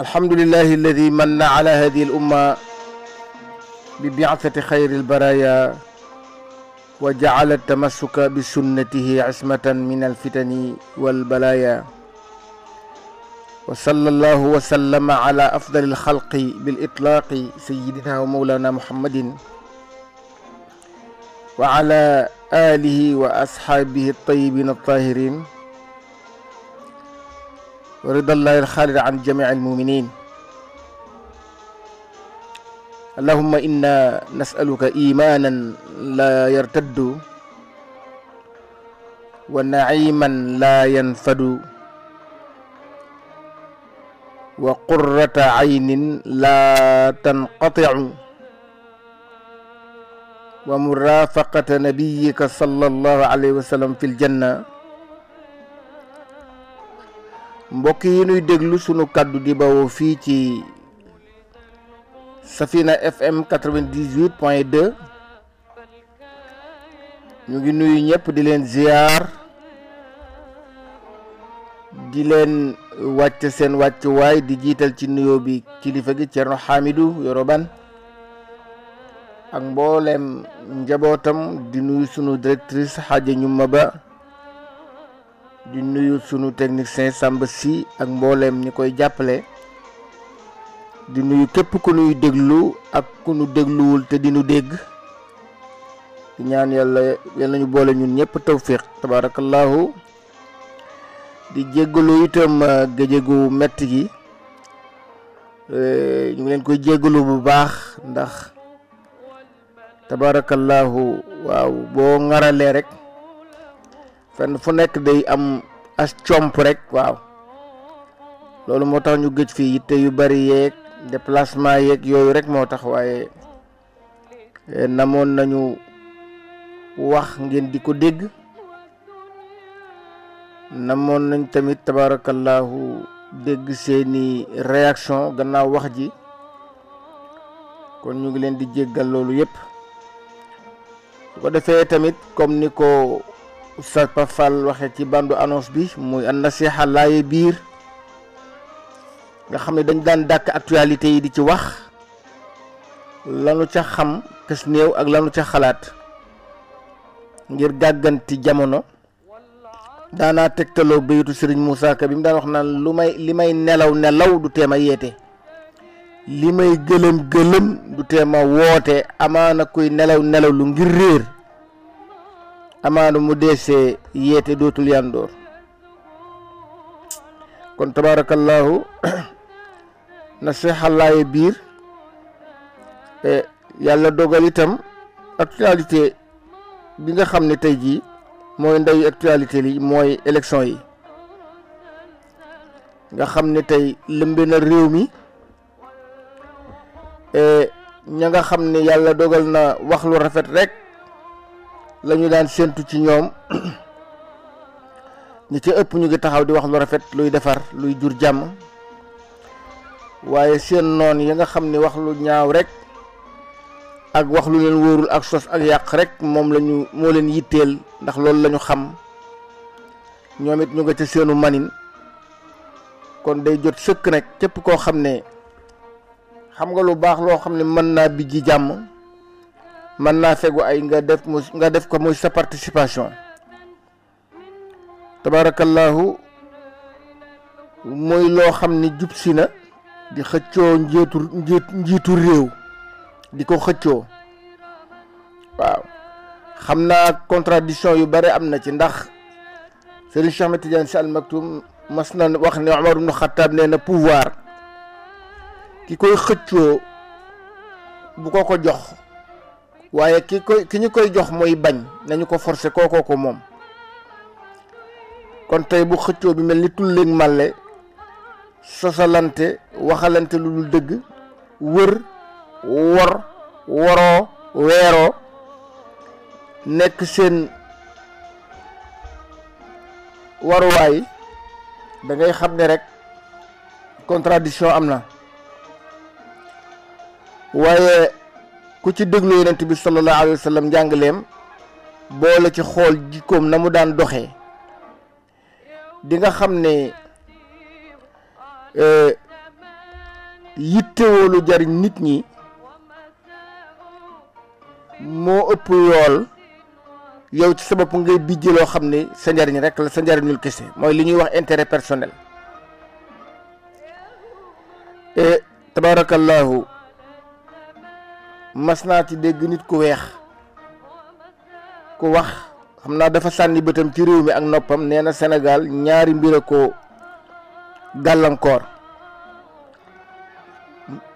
الحمد لله الذي من على هذه الأمة ببعثة خير البرايا وجعل التمسك بسنته عصمة من الفتن والبلايا وصلى الله وسلم على أفضل الخلق بالإطلاق سيدنا ومولانا محمد وعلى آله وأصحابه الطيبين الطاهرين ورضا الله الخالد عن جميع المؤمنين اللهم إنا نسألك إيمانا لا يرتد ونعيما لا ينفد وقرة عين لا تنقطع ومرافقة نبيك صلى الله عليه وسلم في الجنة mbokk yi nuy déglu sunu kàddu di bawoo fii ci Safina FM 98 point 2 ñu ngi nuyu ñëpp di leen ziar di leen wàcc seen wàccuwaay di jiital ci nuyoo bi kilifa gi Thierno Hamidou Yoroban ak mboolem njabootam di nuyu sunu directrice Hadja Ñuma Ba di nuyu sunu technicien Samba Sy ak mbooleem ñu koy jàppale di nuyu képp ku nuy déglu ak ku nu dégluwul te di dégg di ñaan yàlla yal nañu boole ñun ñëpp tawfiq tabaarakallaahu di jéggalu itam uh, géjegu metti gi uh, ñu ngi leen koy jéggalu bu baax ndax tabaarakallaahu waaw boo ngaralee rek fenn fu nekk day am as comp rek waaw loolu moo tax ñu gëj fii te yu bari yeeg déplacement yeeg yooyu rek moo tax waaye eh, namoon nañu wax ngeen di ko dégg namoon nañ tamit tabaarakallaahu dégg seeni réaction gannaaw wax ji kon ñu ngi leen di jéggal loolu yépp su ko defee tamit comme ni ko Oustaz Pape Fall waxee ci bandu annonce bi muy an nasiha laaye biir nga xam ne dañ daan dàkk actualité yi di ci wax lanu ca xam kës néew ak lanu ca xalaat ngir gàgganti jamono daanaa tegtaloo bayitu sëriñ Moussa Ka bi mu daan wax naan lu may li may nelaw nelaw du a yeete li may gëlëm gëlëm du a woote amaana kuy nelaw nelaw lu ngir réer amaana mu deesee yeete dootul yandoor kon tabaarakallaahu na seexallaaye biir e, yàlla dogal itam actualité bi nga xam ne tey jii mooy ndeyu actualité li mooy élection yi nga xam ne tey lëmbe na réew mi e, ña nga xam ne yàlla dogal na wax lu rafet rek lañu daan sentu ci ñoom ni ci ëpp ñu ngi taxaw di wax lu rafet luy defar luy jur jàmm waaye seen noon ya nga xam ni wax lu ñaaw rek ak wax lu leen wóorul ak sos ak yàq rek moom lañu moo leen yitteel ndax loolu lañu xam ñoom ñu nga ca seenu manin kon day jot sëkk nag képp koo xam ne xam nga lu baax loo xam ne mën naa bijji jàmm man naa fegu ay nga def mu nga def ko muy sa participation tabaarakallaahu mooy loo xam ni jub si na di xëccoo njiitu njiitu réew di ko xëccoo waaw xam naa contradiction yu bare am na ci ndax Serigne Cheikh Ahmed Tidiane mas na wax ne Omar ibn Khattab nee na pouvoir ki koy xëccoo bu ko ko jox waye ki koy ki ñu koy jox moy bañ nañu ko forcer kookoo ko mom kon tay bu xëccoo bi melni tul leen malé sosalante waxalante lu dul dëgg wër wor woroo weeroo nekk seen way da ngay xam rek contradiction amna waye ku ci déglu yonent bi sallallahu alayhi wa njàngaleem boole ci xool jikkoom na mu daan doxe di nga xam ne e, yittewoolu jariñ nit ñi moo ëpp yool yow ci sa bopp ngay bijji loo xam ne sa njariñ rek la sa njariñul kese mooy li ñuy wax intérêt personnel e, tabarakallahu mas naa ci dégg nit ku weex ku wax xam naa dafa sànni bëtam ci réew mi ak noppam nee na Sénégal ñaari mbir a ko gàllankoor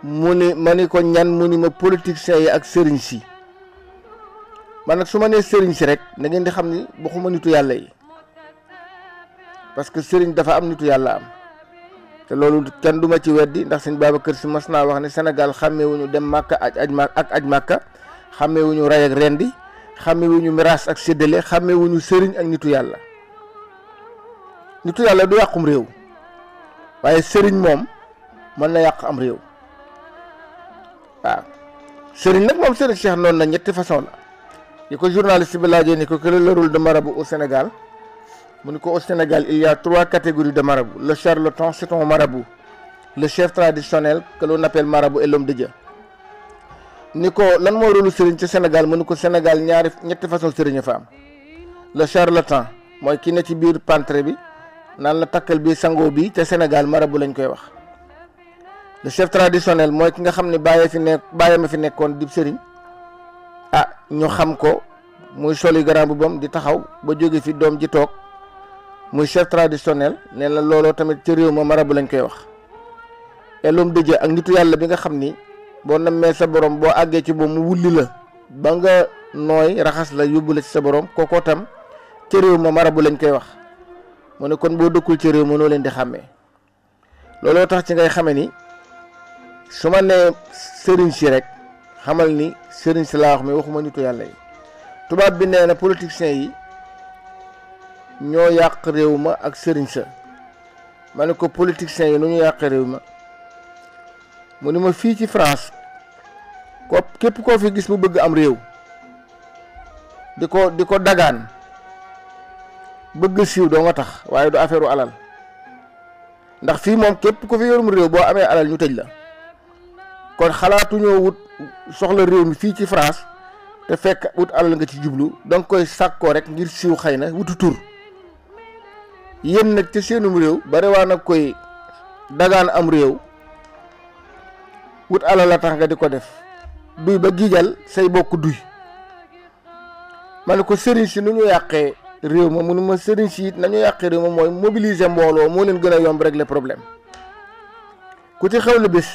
mu ni ma ni ko ñan mu ni ma politiciens yi ak sëriñ si man nag su ma nee sëriñ si rek da ngeen di xam ni waxuma nitu yàlla yi parce que sëriñ dafa am nitu yàlla am te loolu kenn duma ma ci weddi ndax sëñ kër Si mas naa wax ne Sénégal xàmmewuñu dem màkka aj aj màkk ak aj màkka xàmmewuñu rey ak rendi ñu miraas ak séddale xàmmewuñu sëriñ ak nitu yàlla nitu yàlla du yàqum réew waaye sëriñ moom mën na yàq am réew waaw sëriñ nag moom sëriñ Cheikh noonu na ñetti façon la yi ko journaliste bi laajee ni ko que le rôle de marabout au Sénégal Au Sénégal, il y a trois catégories de marabouts. Le charlatan, c'est un marabout. Le chef traditionnel, que l'on appelle marabout, et l'homme de Dieu. ni ko lan moo rôle sëriñ ci Sénégal mënu ko Sénégal ñaari façon de une femme. le charlatan moi qui ne ci biir pantre bi n'a la takkal bii sangoo bi te Sénégal marabout lañ koy wax le chef traditionnel moi ki nga xam ne bàyyee fi nekk bàyyee ma fi nekkoon di sëriñ ah ñu xam ko muy soli grand boubam di taxaw ba jóge fi dom ji muy chef traditionnel nee na looloo tamit ci réew ma marabu lañ koy wax elum dëjë ak nitu yàlla bi nga xam ni boo nammee sa borom boo àggee ci moom mu wulli la ba nga nooy raxas la yóbbu la ci sa boroom kookoo tam ci réew ma marabu lañ koy wax mu ne kon boo dëkkul ci réew ma noo leen di xàmmee looloo tax ci ngay xame ni su ma nee sëriñ si rek xamal ni sëriñ si laa wax mais waxuma nitu yàlla yi tubaab bi nee na politiciens yi ñoo yàq réew ma ak sëriñ sa ma ne ko politiciens yi nu ñu yàq réew mu ni ma fii ci France ko képp koo fi gis mu bëgg am réew di ko di ko dagaan bëgg siiw doo nga tax waaye du affaire alal ndax fii moom képp ku fi yorum réew boo amee alal ñu tëj la kon xalaatu wut soxla réew mi fii ci France te fekk wut alal nga ci jublu danga koy sàkkoo rek ngir siiw xëy na wutu tur yéen nag ci seenum réew bari waa nag koy dagaan am réew wut alal la tax nga di ko def duy ba giijal say bokk duy ma ne ko sëriñ si nu ñu yàqee réew ma mënu ma sëriñ si it nañu yàqee réew ma mooy mobiliser mbooloo moo leen gën a yomb régler problème ku ci xew lu bés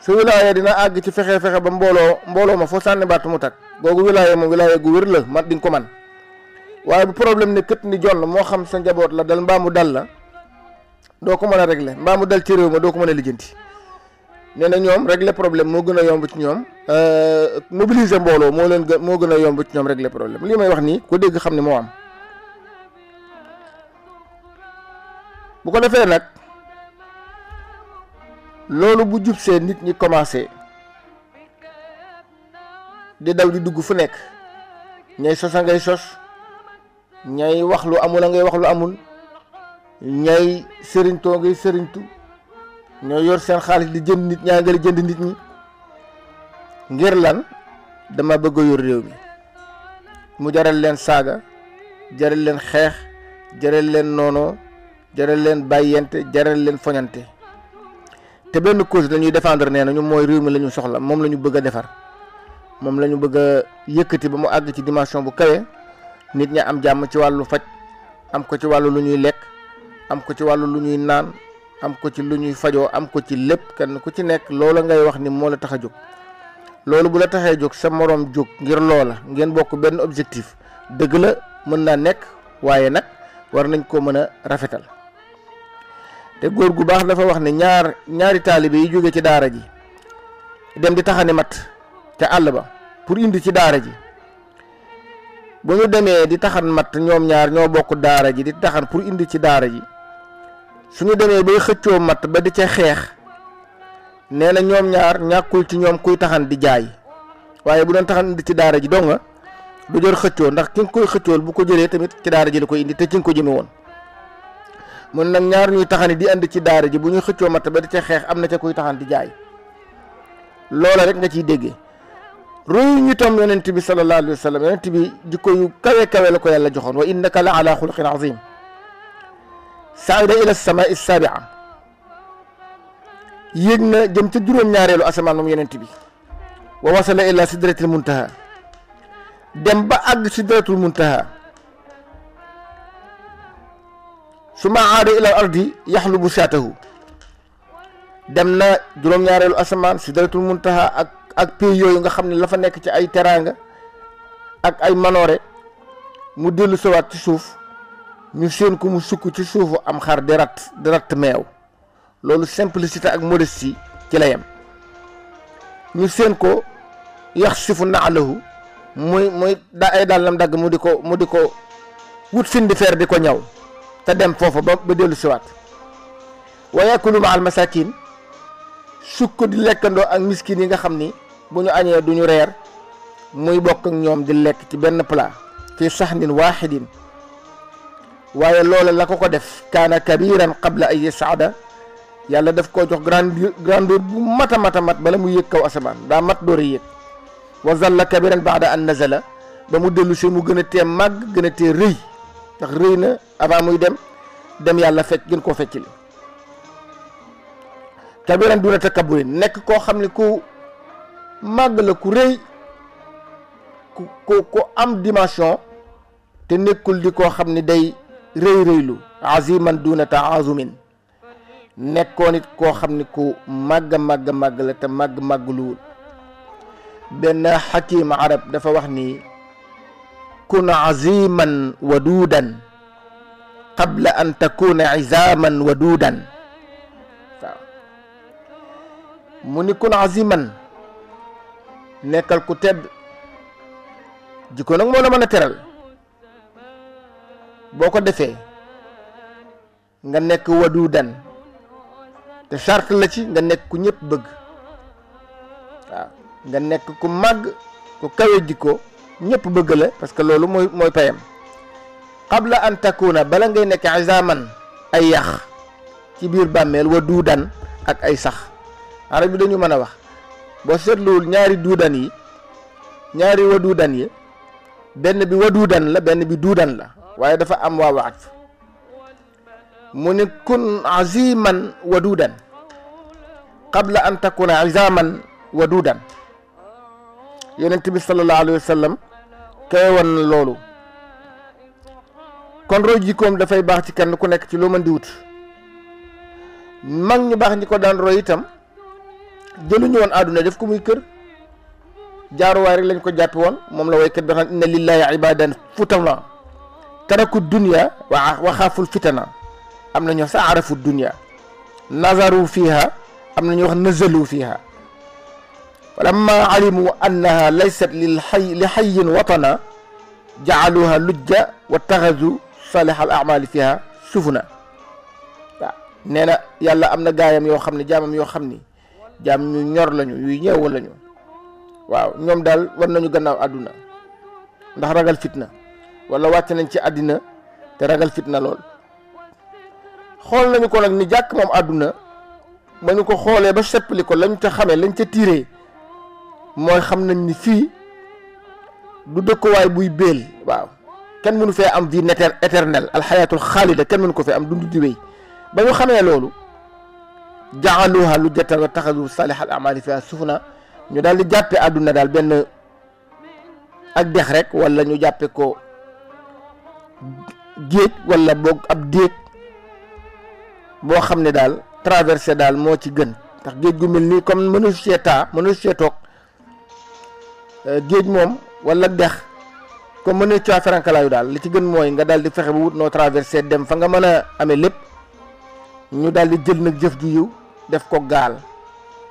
sa wilaya dina àgg ci fexe fexe ba mbooloo mbooloo ma foo sànni baat mu takk googu wilaya moom wilaya gu wér la mat di ko man waaye bu problème ne kët ni jonn moo xam sa njaboot la dal mbaa mu dal la doo ko mën a régler mbaa mu dal ci réew ma doo ko mën a lijjanti nee na ñoom régler problème moo gën a yomb ci ñoom euh, mobiliser mbooloo moo leen gën moo gën a yomb ci ñoom régler problème lii may wax nii ko dégg xam ne moo am bu ko defee nag loolu bu jub see nit ñi commencé di daw di dugg fu nekk ñay sosa ngay sos ñay wax lu amul a ngay wax lu amul ñay sëriñtoo ngay sëriñtu ñooy yor seen xaalis di jënd nit ñaa ngi jënd nit ñi ngir lan dama bëgg yor réew mi mu jaral leen saaga jaral leen xeex jaral leen noonoo jaral leen bàyyente jaral leen foñante te benn cause la ñuy défendre na nañu mooy réew mi la ñu soxla moom la ñu bëgg a defar moom la ñu bëgg a yëkkati ba mu àgg ci dimension bu kawe nit ña am jàmm ci wàllu faj am ko ci wàllu lu ñuy lekk am ko ci wàllu lu ñuy naan am ko ci lu ñuy fajoo am ko ci lépp kenn ku ci nekk loola ngay wax ni moo la tax a jóg loolu bu la taxee jóg sa moroom jóg ngir loola ngeen bokk benn objectif dëgg la mën naa nekk waaye nag war nañ ko mën a rafetal te góor gu baax dafa wax ne ñaar ñaari taalibe yi jóge ci daara ji dem di taxani mat ca àll ba pour indi ci daara ji bu ñu demee di taxan matt ñoom ñaar ñoo bokk daara ji di taxan pour indi ci daara ji suñu demee bay xëccoo matt ba di ca xeex nee na ñoom ñaar ñàkkul ci ñoom kuy taxan di jaay waaye bu doon taxan indi ci daara ji nga du jor xëccoo ndax ki nga koy xëccool bu ko jëlee tamit ci daara ji la koy indi te ci nga ko jëme woon mun nag ñaar ñuy taxani di indi ci daara ji bu ñuy xëccoo matt ba di ca xeex am na ca kuy taxan di jaay loola rek nga ciy déggee royu ñu tam yonent bi sallallahu alayhi wa sallam yonent bi jikko yu kawe kawe la ko yàlla joxoon wa innaka la ala xulqin azim saida ila samai sabia yéeg na jëm ca juróom-ñaareelu asamaan moom yonent bi wa wasala ila sidratil muntaha dem ba àgg sidratul muntaha suma aada ila ardi yaxlubu saatahu dem na juróom-ñaareelu asamaan sidratul muntaha ak ak pays yooyu nga xamni la fa nek ci ay teranga, ak ay manoré mu dellu sawaat ci souf ñu seen ku mu sukku ci suufu am xar di rat di rat meew loolu simplicité ak modestie ci la yam ñu seen ko yakhsifu na'lahu moy moy da ay dalam dag mu diko mu diko wut fin di feer ñaw ta dem fofu ba ba dellu wa yakulu ma'al masakin sukku di lekkandoo ak miskin nga xamni bu ñu añee du ñu reer muy bokk ak ñoom di lekk ci benn plat fi saxnin waaxidin waaye loola la ko ko def kaana kabiran qabla ay saada yàlla def koo jox grandeur grandeur bu mat a mat a mat bala mu yëg kaw asamaan daa mat door a yëg wa zalla kabiran baada an nazala ba mu dellusi mu gën a tee màgg gën a tee rëy ndax rëy na avant muy dem dem yàlla fecc gën koo fecc li kabiran duna takabburin nekk koo xam ne ku màgg la ku reuy ko ko am dimension te nekul di koo xam ni day reuy rëylu aziman duna taazumin nekkoon it koo xam ni mag mag màgg la te mag màgg luwul benn xakim arab dafa wax ni kun aziman wadudan قبل أن تكون عزاما ودودا waaw mu ni nekkal ku tedd jikko nag moo la mën a teral boo ko defee nga nekk wadu dan te charte la ci nga nekk ku ñëpp bëgg waaw nga nekk ku màgg ku kawe jikko ñépp bëgg la parce que loolu mooy mooy payam qabla an takuna bala ngay nekk isaman ay yax ci biir bàmmeel wadu dan ak ay sax arab bi dañu mën a wax boo seetluwul ñaari duudan yi ñaari waduudan yi benn bi waduudan la benn bi duudan la waaye dafa am waaw atf mu ni kun aziman waduudan qabla an takuna izaman waduudan yonent bi sallallahu alayhi wa sallam kay woon loolu kon roy jikkoom dafay baax ci kenn ku nekk ci loo mën di wut mag ñu baax ñi ko daan roy itam jëluñu woon àdduna def ko muy kër jaaruwaay rek lañ ko jàppe woon moom la waykat bi xam inna lillahi ibadan futana taraku dunya wa waxaaful fitana am na ñu wax sa arafu dunya nazaru fiha am na ñu wax nazalu fiha falamma alimu annaha laysat lil xay li xayin watana jaaluha lujja wa taxazu salih al amali fiha sufuna waaw nee na yàlla am na gaayam yoo xam ne jaamam yoo xam ni jaam ñu ñor lañu yuy ñeewa lañu waaw ñoom daal war nañu gannaaw àdduna ndax ragal fitna wala wàcc nañ ci àddina te ragal fitna lool xool nañu ko nag ni jàkk moom àdduna ba ñu ko xoolee ba seppali ko lañ ca xamee lañ ca tiire mooy xam nañ ni fii du dëkkuwaay buy béel waaw kenn mënu fee am vie éternelle alxayaatul xaalida kenn mënu ko fee am dund di wéy ba ñu xamee loolu jaxaluha lu jatan wa taxadu salihal amali fiha sufna ñu daal di jàppe àdduna daal benn ak dex rek walla ñu jàppe ko géej wala boog ab déeg boo xam ne daal traversé daal moo ci gën ndax géej gu mel nii comme mënu see taa mënu see toog euh, géej moom wala dex comme mënu caa ferankalaayu daal li ci gën mooy nga daal di fexe ba wut noo traversé dem fa nga mën a ame lépp ñu daal di jël nag jëf ju yiw def ko gaal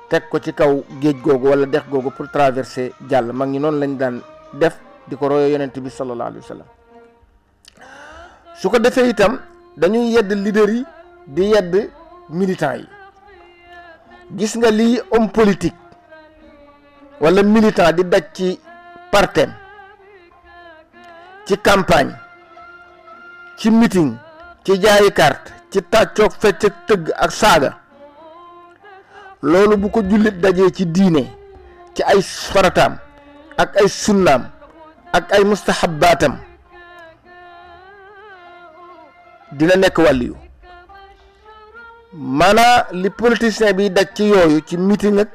teg ko ci kaw géej googu wala dex googu pour traverser jàll mag ñi noonu lañu daan def di ko royo yonent bi sallallahu alayhi wa su ko defee itam dañuy yedd leader yi di yedd militants yi gis nga lii homme politique wala militant di daj ci partem ci campagne ci meeting ci jaayi carte ci tàccoog fecc tëgg ak saaga loolu bu ko jullit dajee ci diine ci ay farataam ak ay sunnaam ak ay mustahabaatam dina nekk wàlliyu maanaa li politicien bi daj ci yooyu ci meeting ak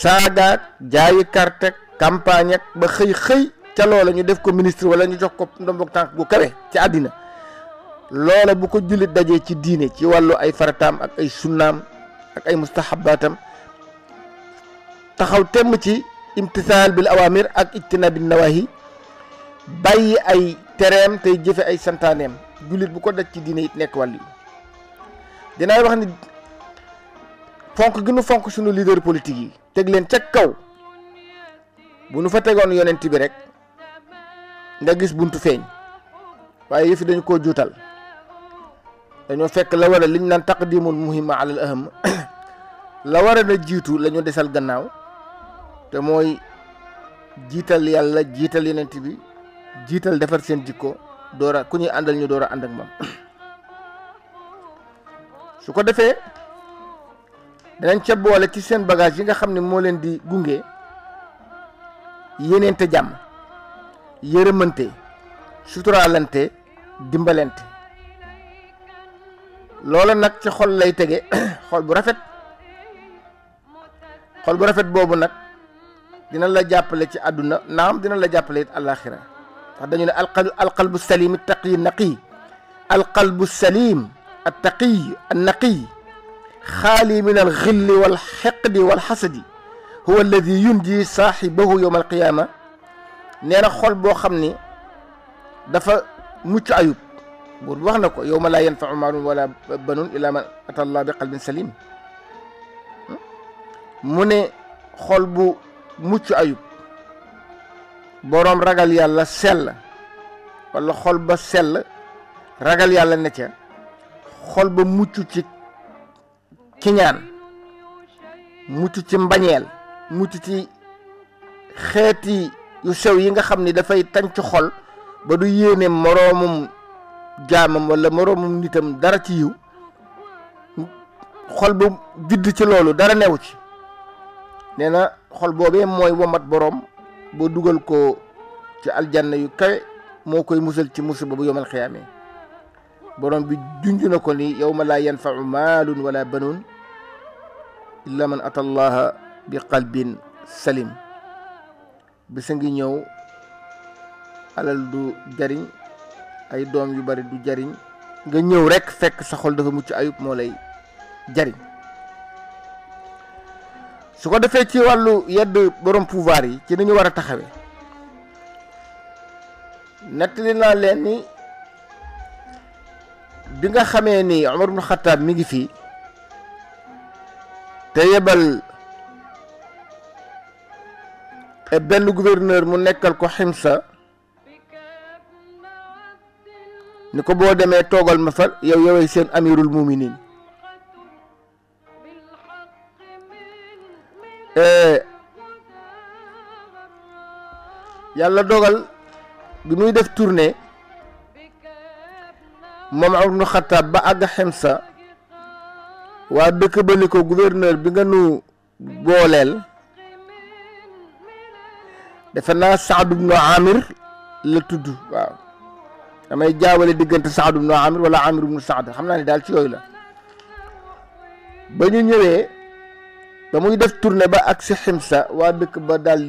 saagaak jaayi carte campagne ak ba xëy xëy ca loola ñu def ko ministre wala ñu jox ko ndombok tànk bu kawe ci àddina loola bu ko jullit dajee ci diine ci wàllu ay farataam ak ay sunnaam ak ay mustahabaatam taxaw temm ci imtisaal bil awamir ak ijtinaabi nawahi bàyyi ay tereem tey jëfe ay santaaneem jullit bu ko daj ci diine it nekk wàllu dinaay wax ni fonk gi nu fonk sunu leader politique yi teg leen ca kaw bu nu fa tegoon yonent bi rek nga gis buntu feeñ waaye yëfi dañu koo juutal dañoo fekk la war a liñ naan taqdimul muhimma alal aham la war a na jiitu la desal gannaaw te mooy jiital yàlla jiital yenent bi jiital defar seen jikko door a ku ñuy àndal ñu door a ànd ak moom su ko defee danañ ca boole ci seen bagage yi nga xam ne moo leen di gunge yeneente jàmm yërëmante suturaalante dimbalante loola nag ci xol lay tege xol bu rafet xol bu rafet boobu nag dina la jàppale ci àdduna naam dina la jàppale it àllaaxira ndax dañu ne alqal alqalbu salim ittaqi naqi alqalbu salim attaqi annaqi xaali min alxilli walxeqdi walxasadi huwa alladi yunji saaxibahu yowma alqiyaama nee na xol boo xam ni dafa mucc ayub بور واخ نكو يوم لا ينفع مال ولا بنون الا من اتى الله بقلب سليم من خول بو موتش ايوب بوروم راغال يالا سيل ولا خول با سيل راغال يالا نتا خول با موتش تي كينان موتش تي مبانيل موتش تي خيتي يو سيو ييغا خامني دا فاي تانتي خول با دو يينه مروموم jaamam wala moroomam nitam dara ci yiw xol bu judd ci loolu dara newu ci nee na xol boobee mooy womat borom boo dugal ko ci aljanna yu kawe moo koy musal ci musiba bu yomal xiyaamee borom bi junj na ko ni yawma laa yanfau maalun wala banuun illa man ata allaha bi qalbin salim bisa ngi ñëw alal du jariñ ay doom yu bari du jariñ nga ñëw rekk fekk sa xol dafa mucc ayub moo lay jariñ su ko defee ci wàllu yedd borom pouvoir yi ci ni ñu war a taxawe nettali naa leen ni bi nga xamee ni Omar ibn Khattab mi ngi fii te yebal benn gouverneur mu nekkal ko xim sa ni ko boo demee toogal ma fal yow yowey seen amirul muminin yàlla dogal bi muy def tournée moom nu xataab ba àgg xemsa waa dëkk ba ni ko gouverneur bi nga nu booleel defe naa saad ibnu amir la tudd waaw damay jaawale diggante Saad ibnu Amir wala Amir ibnu Saad xam naa ne daal ci yooyu la ba ñu ñëwee ba muy def tournée ba ak si ximsa waa dëkk ba daal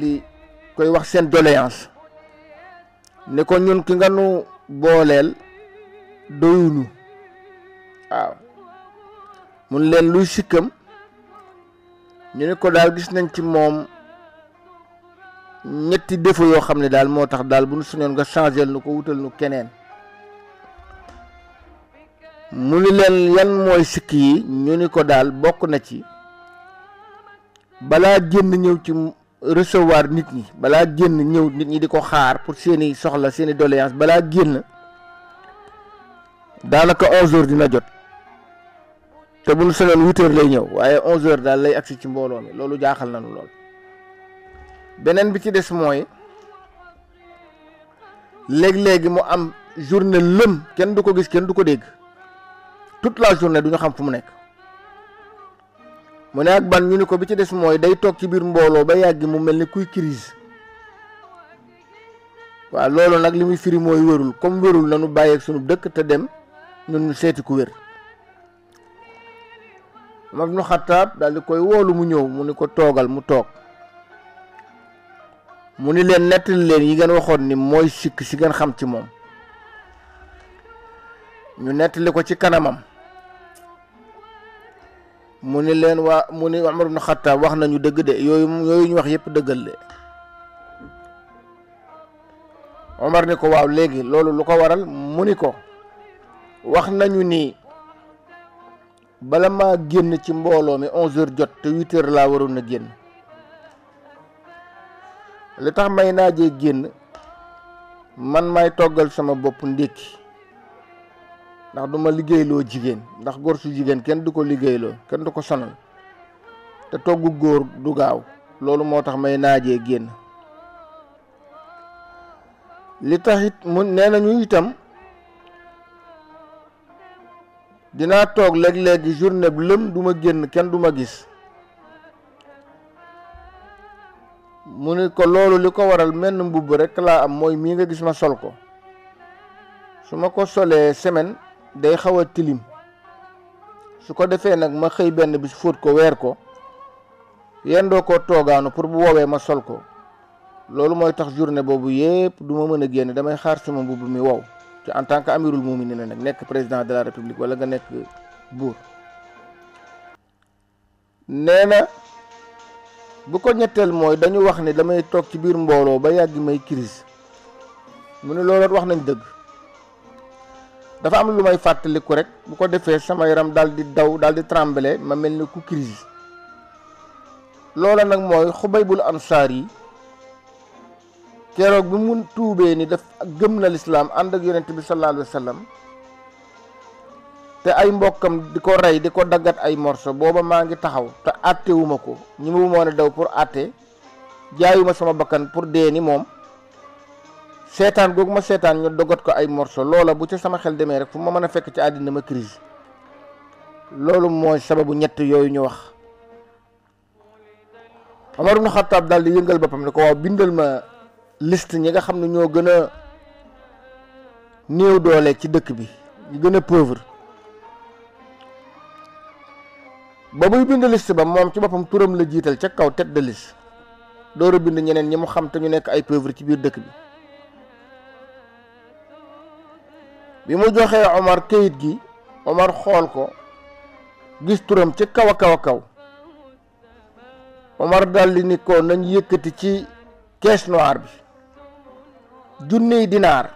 koy wax seen doléance ne ko ñun ki nga nu booleel doyunu waaw mun leen luy sikkam ñu ne ko daal gis nañ ci moom ñetti défaut yoo xam ne daal moo tax daal bu nu suñoon nga changé nu ko wutal nu keneen mu ni leen yan mooy sikk yi ñu ni ko daal bokk na ci balaa génn ñëw ci recevoir nit ñi balaa génn ñëw nit ñi di ko xaar pour seeni soxla seeni doléance balaa génn daanaka onze heures dina jot te bu ñu sonoon huit lay ñëw waaye onze heures daal lay agsi ci mbooloo loolu jaaxal nañu lool beneen bi ci des mooy léegi léegi mu am journée lëm kenn du ko gis kenn du ko dégg toute la journée du ñu xam fu mu nekk mu ne ak ban ñu ni ko bi ci des mooy day toog ci biir mbooloo ba yàgg mu mel ni kuy crise waaw loolu nag li muy firi mooy wérul comme wérul nanu bàyyeeg sunu dëkk te dem ñun ñu seeti ku wér ma nu xataab daal di koy woolu mu ñëw mu ni ko toogal mu toog mu ni leen nettali leen yi ngeen waxoon ni mooy sikk si ngeen xam ci moom ñu nettali ko ci kanamam mu ni leen waa mu ni Umar ibn Xattaab wax nañu dëgg de yooyu yooyu ñu wax yëpp dëggal de Omar ni ko waaw léegi loolu lu ko waral mu ni ko wax nañu ni bala maa génn ci mbooloo mi onze heures jot te huit laa waroon a génn li tax may naajee génn man may toggal sama bopp ndékki ndax duma lo jigen ndax gor su jigen, kenn duko ko lo, kenn duko ko sonal te togu gor du gaaw lolou motax may naaje gen li taxit mu nenañu itam dina tok leg leg journée bi lëm duma genn kenn duma gis mu ne ko loolu li ko waral menn mbubb rek laa am mooy mii nga gis ma sol ko su ko solee semaine day xaw a tilim su ko defee nag ma xëy benn bis fóot ko weer ko yendoo ko toogaanu pour bu woowee ma sol ko loolu mooy tax journée boobu yépp du ma mën a génn damay xaar sama mbubb mi wow ci en tant que amirul mu'minin nag nekk président de la république wala nga nekk buur nee na bu ko ñetteel mooy dañu wax ni damay toog ci biir mbooloo ba yàgg may crise mu ne loolu wax nañ dëgg dafa am lu may ko rek bu ko defé sama yaram daldi di daw daldi di trembler ma melni ku crise lola nak moy khubaybul ansari yi bu mu toubé ni daf gëm na lislaam ak yaronte bi sallallahu alayhi wasallam té ay mbokam diko ray diko dagat ay morso boba mangi ngi taxaw té àttewuma ko ñi mu moo daw pour àtte jaayuma sama bakkan pour déni ni mom. seetaan googu ma seetaan ñu dogot ko ay morso loola bu ca sama xel demee rek fu ma mën a fekk ci àddina ma crise loolu mooy sababu ñett yooyu ñu wax Omar ibn Khattab daal di yëngal boppam ne ko waaw bindal ma list ñi nga xam ne ñoo gën a néew doole ci dëkk bi ñu gën a pauvre ba muy bind liste ba moom ci boppam turam la jiital ca kaw tête de liste bind ñeneen ñi mu xam te ñu nekk ay pauvre ci biir dëkk bi bi mu joxee Omar kayit gi Omar xool ko gis turam ci kaw a kaw a kaw Omar daldi ni ko nañ yëkkati ci caisse noire bi junniy dinaar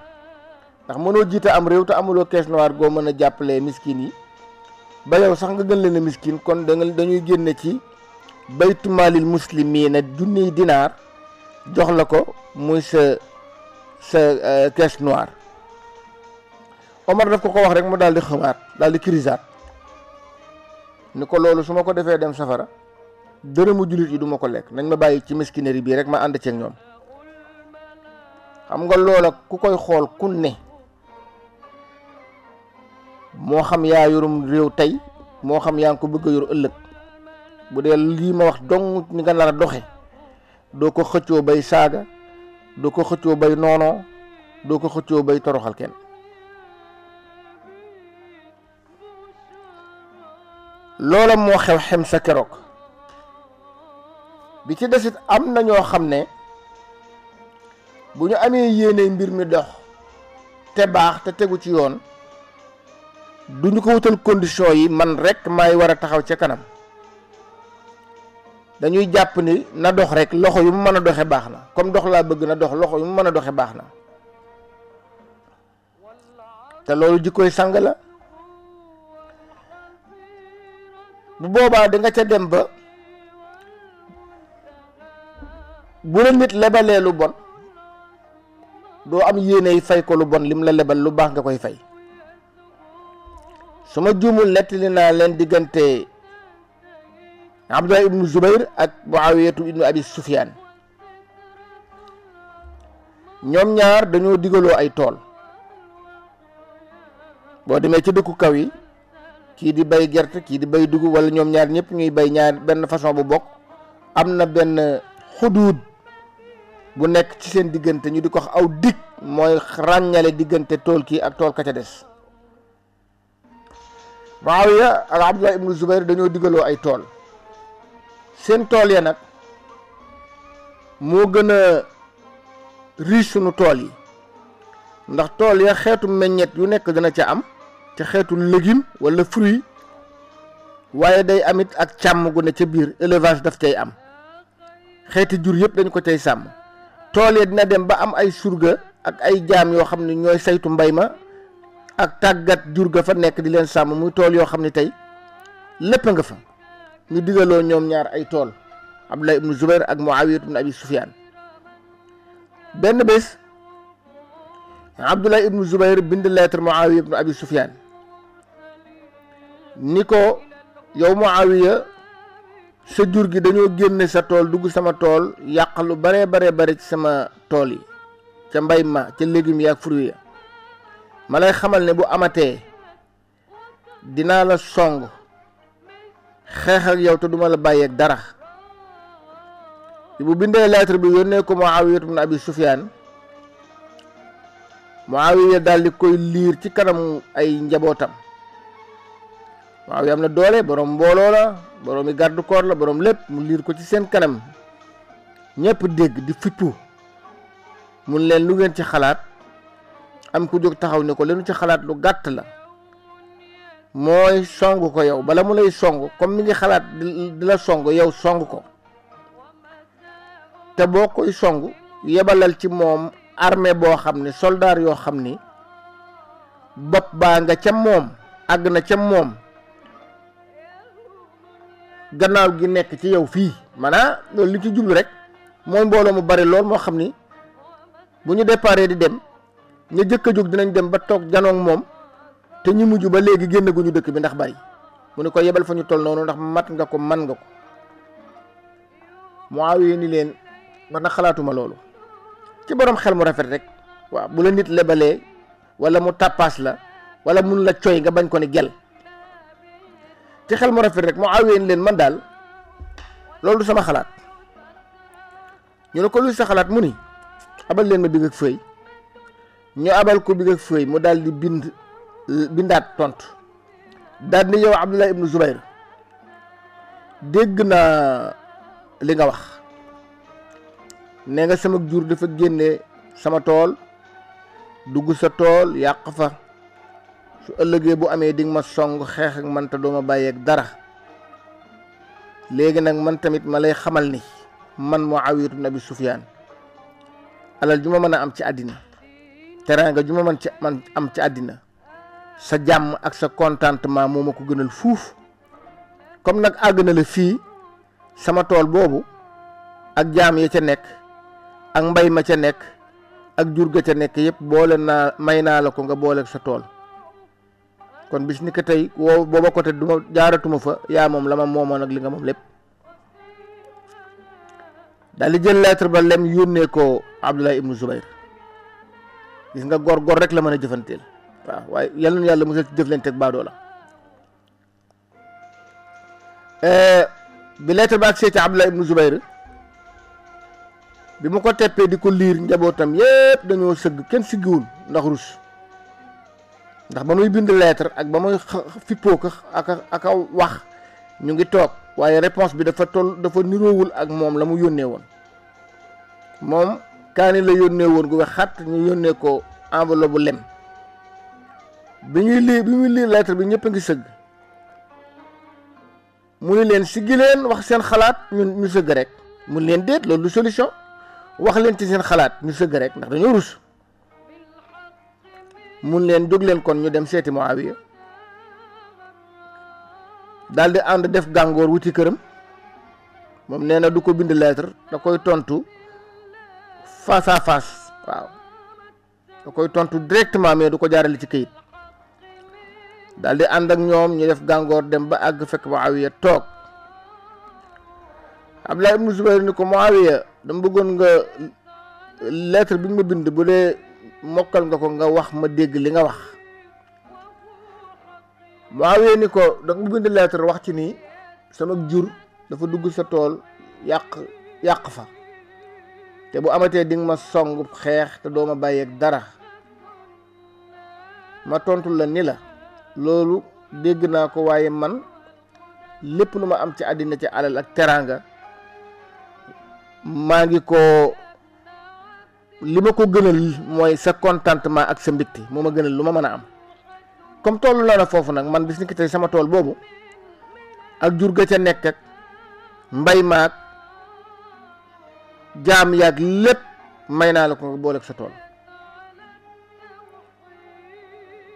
ndax mënoo jiite am réew te amuloo caisse noire goo mën a jàppalee miskin yi ba yow sax nga gën leen a miskin kon da dañuy génne ci baytu maalil muslimiina junniy dinaar jox la ko muy sa sa caisse euh, noire Omar daf ko ko wax rek mu daal di xëbaat daal di kirisaat ni ko loolu su ma ko defee dem safara dërëmu jullit yi du ma ko lekk nañ ma bàyyi ci miskinerie bii rek ma ànd ceeg ñoom xam nga loola ku koy xool ku ne moo xam yaa yorum réew tey moo xam yaa ngi ko bëgg a yor ëllëg bu dee lii ma wax dong ni nga nar a doxe doo ko xëccoo bay saaga doo ko xëccoo bay noonoo doo ko xëccoo bay toroxal kenn loola moo xew xem sa keroog bi ci desit am na ñoo xam ne bu ñu amee yéene mbir mi dox te baax te tegu ci yoon duñu ko wutal condition yi man rekk maay war a taxaw ca kanam dañuy jàpp ni na dox rekk loxo yu mu mën a doxe baax na comme dox laa bëgg na dox loxo yu mu mën a doxe baax na te loolu jikkooy sang la bu boobaa danga ca dem ba bu la nit lebalee lu bon doo am yéeney fay ko lu bon lim la lebal lu baax nga koy fay su ma juumul nettali naa leen diggante Abdullah ibnu Zubayr ak Muawiyatu ibnu Abi Sufyaan ñoom ñaar dañoo digaloo ay tool boo demee ci dëkku kaw yi kii di bay gerte kii di bay dugub wala ñoom ñaar ñëpp ñuy bay ñaar benn façon bu bokk am na benn xuduud bu nekk ci seen diggante ñu di ko aw dig mooy ràññale diggante tool kii ak tool ka ca des Muawiya ak Abdullah ibnu Zubayr dañoo digaloo ay tool seen tool ya nag moo gën a riche sunu tool yi ndax tool ya xeetu meññet yu nekk dana ca am ci xeetu légume wala fruit waaye day amit ak càmm gu ne ca biir élevage daf cay am xeeti jur yëpp dañ ko cay sàmm tool dina dem ba am ay surga ak ay jaam yoo xam ne ñooy saytu mbay ma ak tàggat jur ga fa nekk di leen sàmm muy tool yoo xam ne tey lépp nga fa ñu digaloo ñoom ñaar ay tool Abdullah ibnu Zubair ak Muawiya ibn Abi sufyan benn bés Abdullah ibnu Zubair bind lettre Muawiya ibnu Abi sufyan Niko, yow muawiya sa jur gi dañu génné sa tool dugg sama tol yàq bare bare bare ci sama tool yi ca mbay ma ca légumes yak fruit ya malay xamal ne bu amatee dinaa la song xeex ak yow te duma la ak dara bu bindee lettre bi yónnee ko muawiya ibn abi sufyan muawiya dal di koy lire ci kanam ay njabootam waaw yam na doole borom mbooloo la borom yi garde corps la boroom lépp mu liir ko ci seen kanam ñëpp dégg di fuccu mun leen lu ngeen ci xalaat am ku jóg taxaw ne ko leenu ci xalaat lu gàtt la mooy song ko yow bala mu lay song comme mi ngi xalaat di la song yow song ko te boo koy song yebalal ci moom armée boo xam ne soldaar yoo xam ni bopp baa nga ca moom àgg na ca moom gannaaw gi nekk ci yow fii manaa loolu li ci jublu rek mooy mbooloo mu bari lool moo xam ni bu ñu déparé di dem ñu jëkk a jóg dinañ dem ba toog janoog moom te ñu mujj ba léegi génn gu ñu dëkk bi ndax bari mu ne ko yebal fa ñu toll noonu ndax mat nga ko man nga ko Muawiya ni leen man na xalaatuma loolu ci boroom xel mu rafet rek waaw bu la nit lebalee wala mu tàppaas la wala mun la coy nga bañ ko ne gel ci xel mu rafet rek mu aween leen man daal loolu sama xalaat ñu ne ko luy sa xalaat mu ni abal leen ma bi ak fëy ñu abal ko bi ak fëy mu daal di bind bindaat tontu daal di yow Abdullah ibnu Zubayr dégg naa li nga wax ne nga sama jur dafa génne sama tool dugg sa tool yàq fa su ëllëgee bu amee di ma song xeex ak man te doo ma bàyyeeg dara léegi nag man tamit ma lay xamal ni man Muawiyatu ibn Abi Sufyaan alal ju ma mën a am ci àddina teraanga ju ma mën ci man am ci àddina sa jàmm ak sa contentement moo ma ko gënal fuuf comme nag àgg na la fii sama tool boobu ak jaam ya ca nekk ak mbay ma ca nekk ak jur ga ca nekk yëpp boole naa may naa la ko nga booleeg sa tool kon bis ni ko tey woo booba côté du ma jaaratuma fa yaa moom la ma moomoon ak li nga moom lépp daal di jël lettre ba lem yónnee ko Abdullah ibnu Zubayr gis nga gor gor rek la mën a jëfanteel waaye yal yàlla musal ci jëflante ak baadoo la eh, bi lettre bi mu ko teppee di ko liir njabootam yépp dañoo sëgg kenn siggiwul ndax rus ndax ba muy bind lettre ak ba muy fippoo ko ak ak wax ñu ngi toog waaye réponse bi dafa toll dafa niroowul ak moom la mu yónnee woon moom kaani la yónnee woon gu xat ñu yónnee ko enveloppe bu lem bi ñuy lii bi muy lii lettre bi ñëpp a ngi sëgg mu ni leen siggi leen wax seen xalaat ñu ñu sëgg rek mu leen déet loolu du solution wax leen ci seen xalaat ñu sëgg rek ndax dañoo rus mun leen jóg leen kon ñu dem seeti Muawiya dal di ànd def gàngoor wuti këram moom nee na du ko bind lettre da koy tontu face à face waaw da koy tontu directement mais du ko jaarale ci këyit daal di ànd ak ñoom ñu def gàngoor dem ba àgg fekk Muawiya toog Abdullah ibnu Zubayr ni ko Muawiya dama bëggoon nga lettre bi ma bind bu dee mokkal nga ko nga wax ma dégg li nga wax Muawiya ni ko da nga bind lettre wax ci ni sama jur dafa dugg sa tool yàq yàq fa te bu amatee di ma song xeex te doo ma bàyyeeg dara ma tontu la ni la loolu dégg naa ko waaye man lépp lu ma am ci àddina ci alal ak teraanga maa ngi ko li ma ko gënal mooy sa contentement ak sa mbégte moo ma gënal lu ma mën a am comme toll na la foofu nag man bis ni tey sama tool boobu ak jur ga ca nekk mbay maag jaam yaag lépp may naa la ko nga booleeg sa tool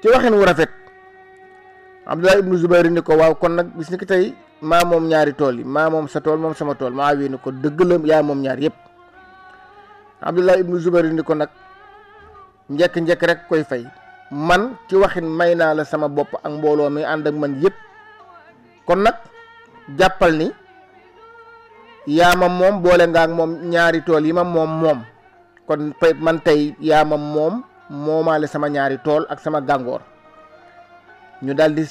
ci waxin wu rafet Abdullah ibnu Zubayr ni ko waaw kon nag bis ni ki tey maa moom ñaari tool yi maa moom sa tool moom sama tool maa wii ni ko dëgg la yaa moom ñaar yëpp abdullah ibnu zubayr ni ko nag njekk-njekk rek koy fay man ci waxin may naa la sama bopp ak mbooloo mi ànd ak man yëpp kon nag jàppal ni yaa ma moom boole nga ak moom ñaari tool yi ma moom moom kon man tey yaa moom moomaale sama ñaari tool ak sama gàngoor ñu daal di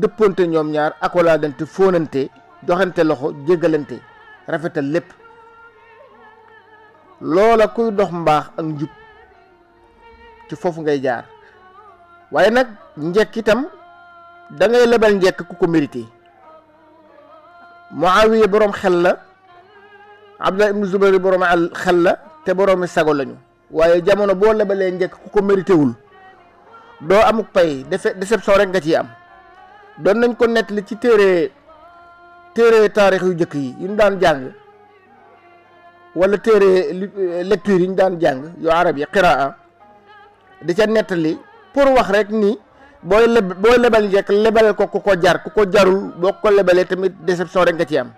dëppante ñoom ñaar akolaadante fóonante joxante loxo jéggalante rafetal lépp loola kuy dox mbaax ak njub ci foofu ngay jaar waaye nag njekk itam da lebal njekk ku ko mérité Muawiya boroom xel la Abdullah ibnu Zubayr boroom xel la te boroomi sago lañu waaye jamono boo lebalee njekk ku ko mérité wul doo amuk pay defe déception rekk nga ciy am doon nañ ko nettali ci téere téere taarix yu njëkk yi yu ñu daan jàng wala téere lecture yi ñu daan jàng yu arab yi qiraa di ca nettali pour wax rek ni booy leb booy lebal njëkk lebal ko ku ko jar ku ko jarul boo ko lebalee tamit déception rek nga ci am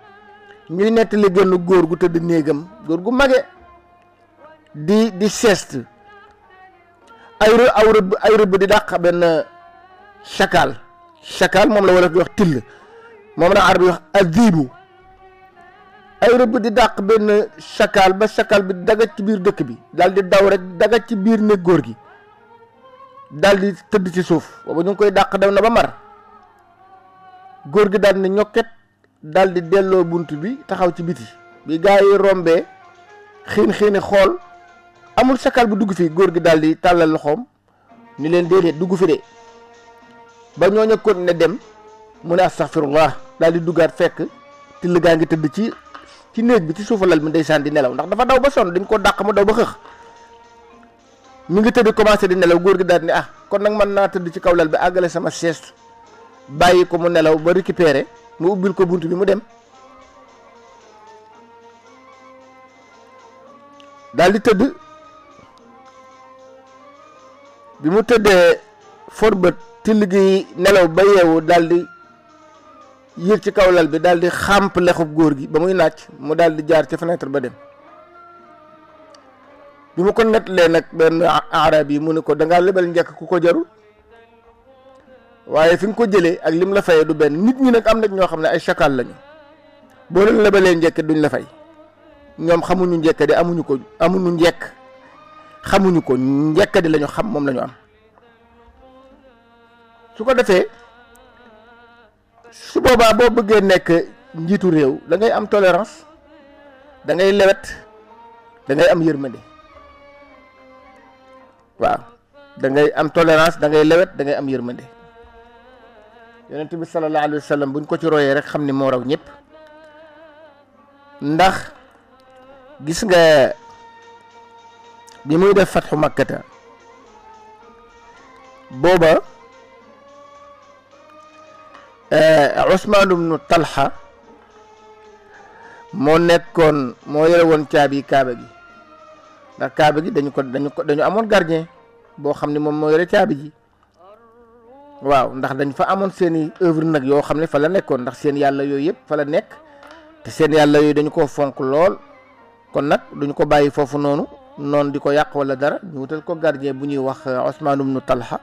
ñuy nettali gënn góor gu tëdd néegam góor gu mage di di sest ay rë ay rëbb di dàq benn chakal chakal moom la wala di wax till moom la arab yi azibu ay rëbb di dàq benn chakal ba chakal bi dagaj ci biir dëkk bi daal di daw rek dagaj ci biir néeg góor gi daldi tëdd ci suuf booba ñu ngi koy dàq dem na ba mar góor gi daal di ñokket daal di delloo bunt bi taxaw ci biti bi gaa yi rombee xiin xiini xool amul chakal bu dugg fi góor gi daal di tàllal loxoom ni leen déedéet dugg fi de ba ñoo ñëkkoon ne dem mu ne astaxfirullah daal di duggaat fekk till gaa ngi tëdd ci ci néeg bi ci suufa lal bi ndeysaan di nelaw ndax dafa daw ba sonn dañ ko dàq mu daw ba xëx mi ngi tëdd commencé di nelaw góor gi daal ni ah kon nag mën naa tëdd ci kaw lal bi àggale sama sieste bàyyi ko mu nelaw ba récupéré mu ubbil ko bunt bi mu dem daal tëdd bi mu tëddee forbët till gi nelaw ba yeewu daal yéeg ci kaw lal bi daal di xàmp lexub góor gi ba muy naaj mu daal di jaar ci fenêtre ba dem bi mu ko nettalee nag benn arab yi mu ne ko da ngaa lebal njekk ku ko jarul waaye fi nga ko jëlee ak lim la fayee du benn nit ñi nag am nag ñoo xam ne ay chakal lañu boo leen lebalee njëkk duñ la fay ñoom xamuñu njëkk di amuñu ko amuñu njekk xamuñu ko njëkk di lañu xam moom lañu am su ko defee. su boobaa boo bëggee nekk njiitu réew dangay am tolérance dangay lewet dangay am yërmande waaw dangay am tolérance da ngay lewet dangay am yërmande yonent bi sallallahu alayhi wa sallam buñ ko ci royee rek xam ni moo raw ñëpp ndax gis nga bi muy def fatxu makkata booba Ousmane eh, ibnu Talha moo nekkoon moo yore woon caabi kaaba gi ndax kaaba gi dañu ko dañu ko dañu amoon gardien boo xam ne moom moo yore caabi ji waaw ndax dañ fa amoon seeni i nag yoo xam ne fa la nekkoon ndax seen yàlla yooyu yëpp fa la nekk te seen yàlla yooyu dañu ko fonk lool kon nag duñu ko bàyyi foofu noonu noonu di ko yàq wala dara ñu wutal ko gardien bu ñuy wax Ousmane eh, ibnu Talha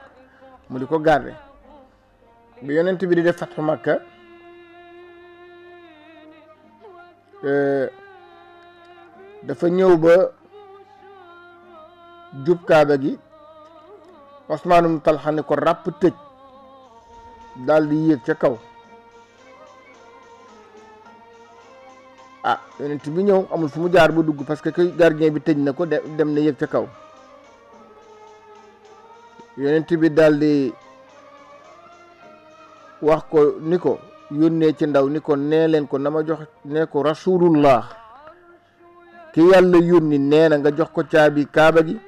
mu di ko garder. bi yonent bi di def fatxu makka dafa ñëw ba jub kaaba gi osmaanum talxa ni ko ràpp tëj dal di yéeg ca kaw ah yonent bi ñëw amul fu mu jaar ba dugg parce que que gardien bi tëj na ko dem na yéeg ca kaw yonent bi dal di wax ko ni ko yónnee ci ndaw ni ko nee leen ko na ma jox nee ko rasulullah ki yàlla yónni nee na nga jox ko caabi kaaba gi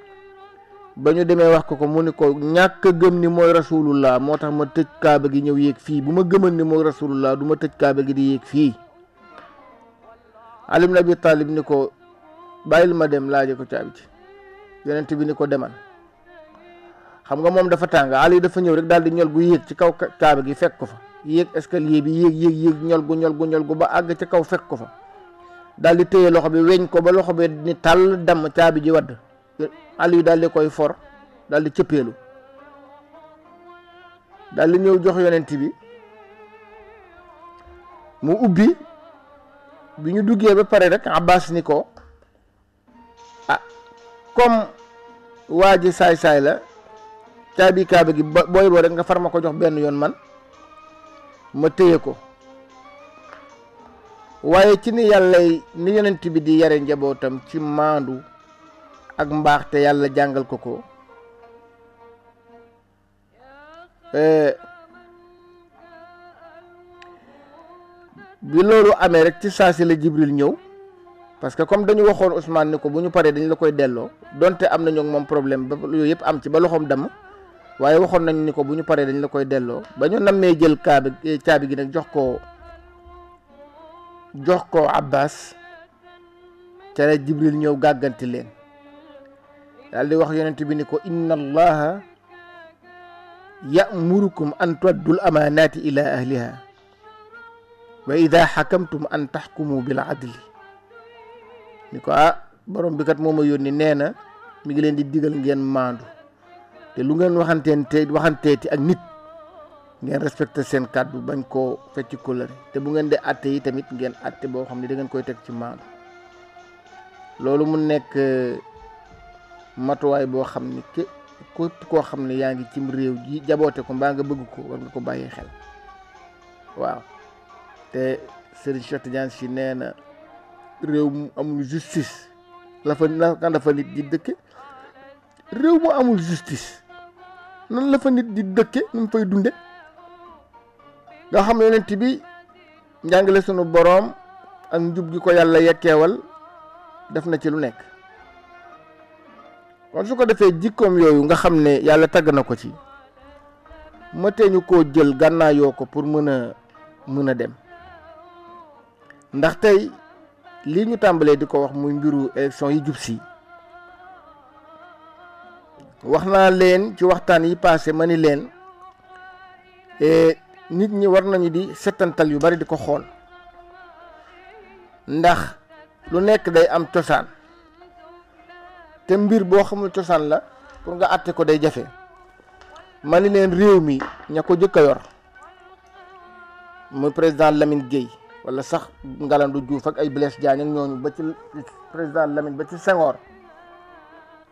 ba ñu demee wax ko ko mu ni ko ñàkk a gëm ni mooy rasulullah moo tax ma tëj kaaba gi ñëw yéeg fii bu ma gëmal ni mooy rasulullah du ma tëj kaaba gi di yéeg fii Ali na bi Talib ni ko bàyyil ma dem laaje ko caabi ci yonent bi ni ko demal xam nga moom dafa tàng yi dafa ñëw rek daal di ñol gu yéeg ci kaw kaaba gi fekk ko fa yéeg escalier bi yéeg yéeg yéeg ñol gu ñol gu ñol gu ba àgg ci kaw fekk ko fa daal di téye loxo bi weñ ko ba loxo bi ni tàll damm caabi ji wadd yi daal di koy for daal di cëppeelu daal di ñëw jox yonent bi mu ubbi bi ñu duggee ba pare rek Abbas ni ko ah comme waa saay-saay la caabi kaaba gi booy boo rek nga far ma ko jox benn yoon man ma téye ko waaye ci ni yàlla ni yonent bi di yare njabootam ci maandu ak mbaax te yàlla jàngal ko ko eh, bi loolu amee rek ci saa si la Jibril ñëw parce que comme dañu waxoon Ousmane ni ko bu ñu paree dañ la koy delloo donte am nañu ak moom problème ba yooyu yëpp am ci ba loxoom damm waye waxon nañ ni ko buñu paré dañ la koy delloo ba ñu nammee jël kaabi eh, caabi gi nak jox ko jox ko abbas ca la jibril ñew gaganti len daal di wax yonent bi ni ko inna allaha yamurukum an tuddul amanati ila ahliha wa idha hakamtum an tahkumu bil adli ni ko ah borom bi kat moma yoni neena mi ngi len di digal ngeen mandu te lu ngeen waxanteen te waxanteeti ak nit ngeen respecté seen kàddu bañ ko fecc kóllëre te bu ngeen de atte yi tamit ngeen atte boo xam ne da ngeen koy teg ci maanu loolu mu nekk eh, matuwaay boo xam ke képp koo xam ne yaa ngi cim réew ji jaboote ko mbaa nga bëgg ko war nga ko bàyyee xel waaw te Serigne Cheikh Tidiane Sy nee na réew mu amul justice la fa la fa nit di dëkk réew mu amul justice nan la fa nit di dëkke nu mu fay dunde nga xam yonent bi njàngale sunu boroom ak njub gi ko yàlla yekkeewal def na ci lu nekk kon su ko defee jikkoom yooyu nga xam ne yàlla tagg na ko ci mëtee ñu koo jël gànnaayoo ko pour mën a mën a dem ndax tey lii ñu tàmbalee di ko wax muy mbiru élection yi jub si waxna len ci waxtan yi passé mani len e eh, nit ñi war nañu di setantal yu bari di ko xool ndax lu nekk day am tusan. te mbir bo xamul tosan la pour nga atté ko day jafe mani len leen réew mi ñako jëk yor moy président Lamine gey wala sax Ngalandou Diouf ak ay Blaise Diagne ak ñooñu ba ci président Lamine ba ci Senghor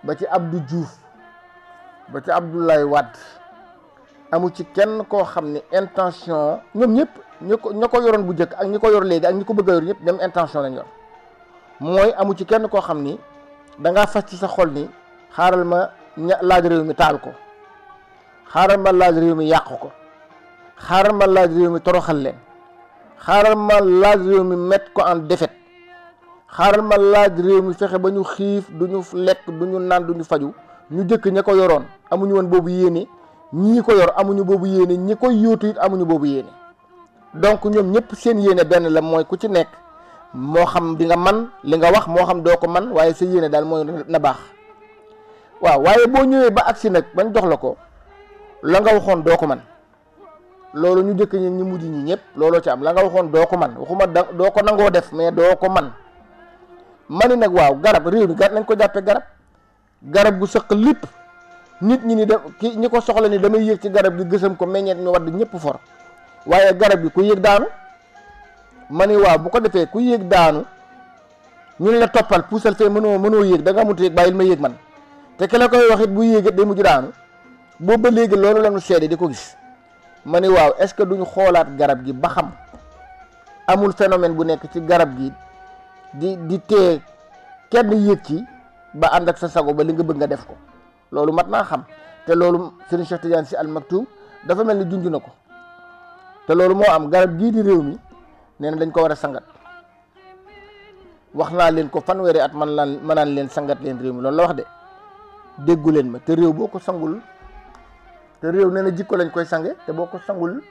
ba ci Abdou Diouf ba ci abdoulay wad amu ci kenn ko xamni intention ñom ñep ñu ko ña bu njëkk ak ñiko yor léegi ak ñiko bëgg yor ñep dem intention lañ yor moy amu ci kenn ko xamni da nga sa xol ni xaaral ma laaj rew mi taal ko xaaral ma laaj rew mi yaq ko xaaral ma laaj rew mi toroxal leen xaaral ma laaj rew mi met ko en defet xaaral ma laaj rew mi fexé bañu xiif faju ñu jëkk ña ko yoroon amuñu woon boobu yéene ñii ko yor amuñu boobu yéene ñi ko yóotu amuñu boobu yéene donc ñoom ñëpp seen yéene benn la mooy ku ci nekk moo xam dinga man li nga wax moo xam doo ko man waaye sa yéene daal mooy na baax waaw waaye boo ñëwee ba agsi nag bañ jox la ko la nga waxoon doo ko man loolu ñu jëkk ñi ñu mujj ñi ñëpp looloo ci am la nga waxoon doo ko man waxuma da doo ko nangoo def mais doo ko man mani nag waaw garab réew mi gar nañ ko jàppee garab garab gu sëq lépp nit ñi ni da ki ñi ko soxla ni damay yéeg ci garab gi gësam ko meññeet mi wadd ñëpp for waaye garab gi ku yéeg daanu ma ni waaw bu ko defee ku yéeg daanu ñu la toppal puusal fee mënoo mënoo yéeg da nga mu yéeg bàyyil ma yéeg man te ki la koy it bu yéegit day mujj daanu boobu ba léegi loolu la seede di ko gis ma ni waaw est ce que duñu xoolaat garab gi ba xam amul phénomène bu nekk ci garab gi di di tee kenn yéeg ci ba ànd ak sa sago ba li nga bëgg nga def ko loolu mat naa xam te loolu Serigne Cheikh Tidiane Sy Al dafa mel ni junj na ko te loolu moo am garab gii di réew mi nee na dañ ko war a sangat wax naa leen ko fanweeri at man laan manaan leen sangat leen réew mi loolu la wax de déggu leen ma te réew boo ko sangul te réew nee na jikko lañ koy sange te boo ko sangul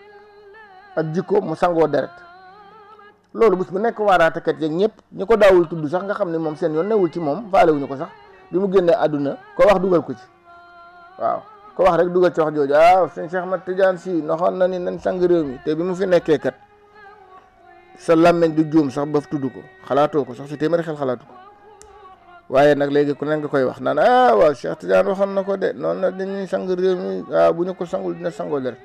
ak jikko mu sangoo deret loolu bés bu nekk waaraatekat yeeg ñëpp ñu ko daawul tudd sax nga xam ne moom seen yoon newul ci moom faale wuñu ko sax bi mu génnee àdduna ko wax dugal ko ci waaw ko wax rek dugal ci wax jooju ah sëñ Cheikh Ahmad Tidiane Sy noxoon na ni nañ sang réew mi te bi mu fi nekkee kat sa làmmeñ du juum sax ba tudd ko xalaatoo ko sax su téeméeri xel xalaatu ko waaye nag léegi ku ne nga koy wax naan ah waaw Cheikh Tidiane waxoon na ko de noonu na dañuy sang réew mi ah bu ñu ko sangul dina sangoo dara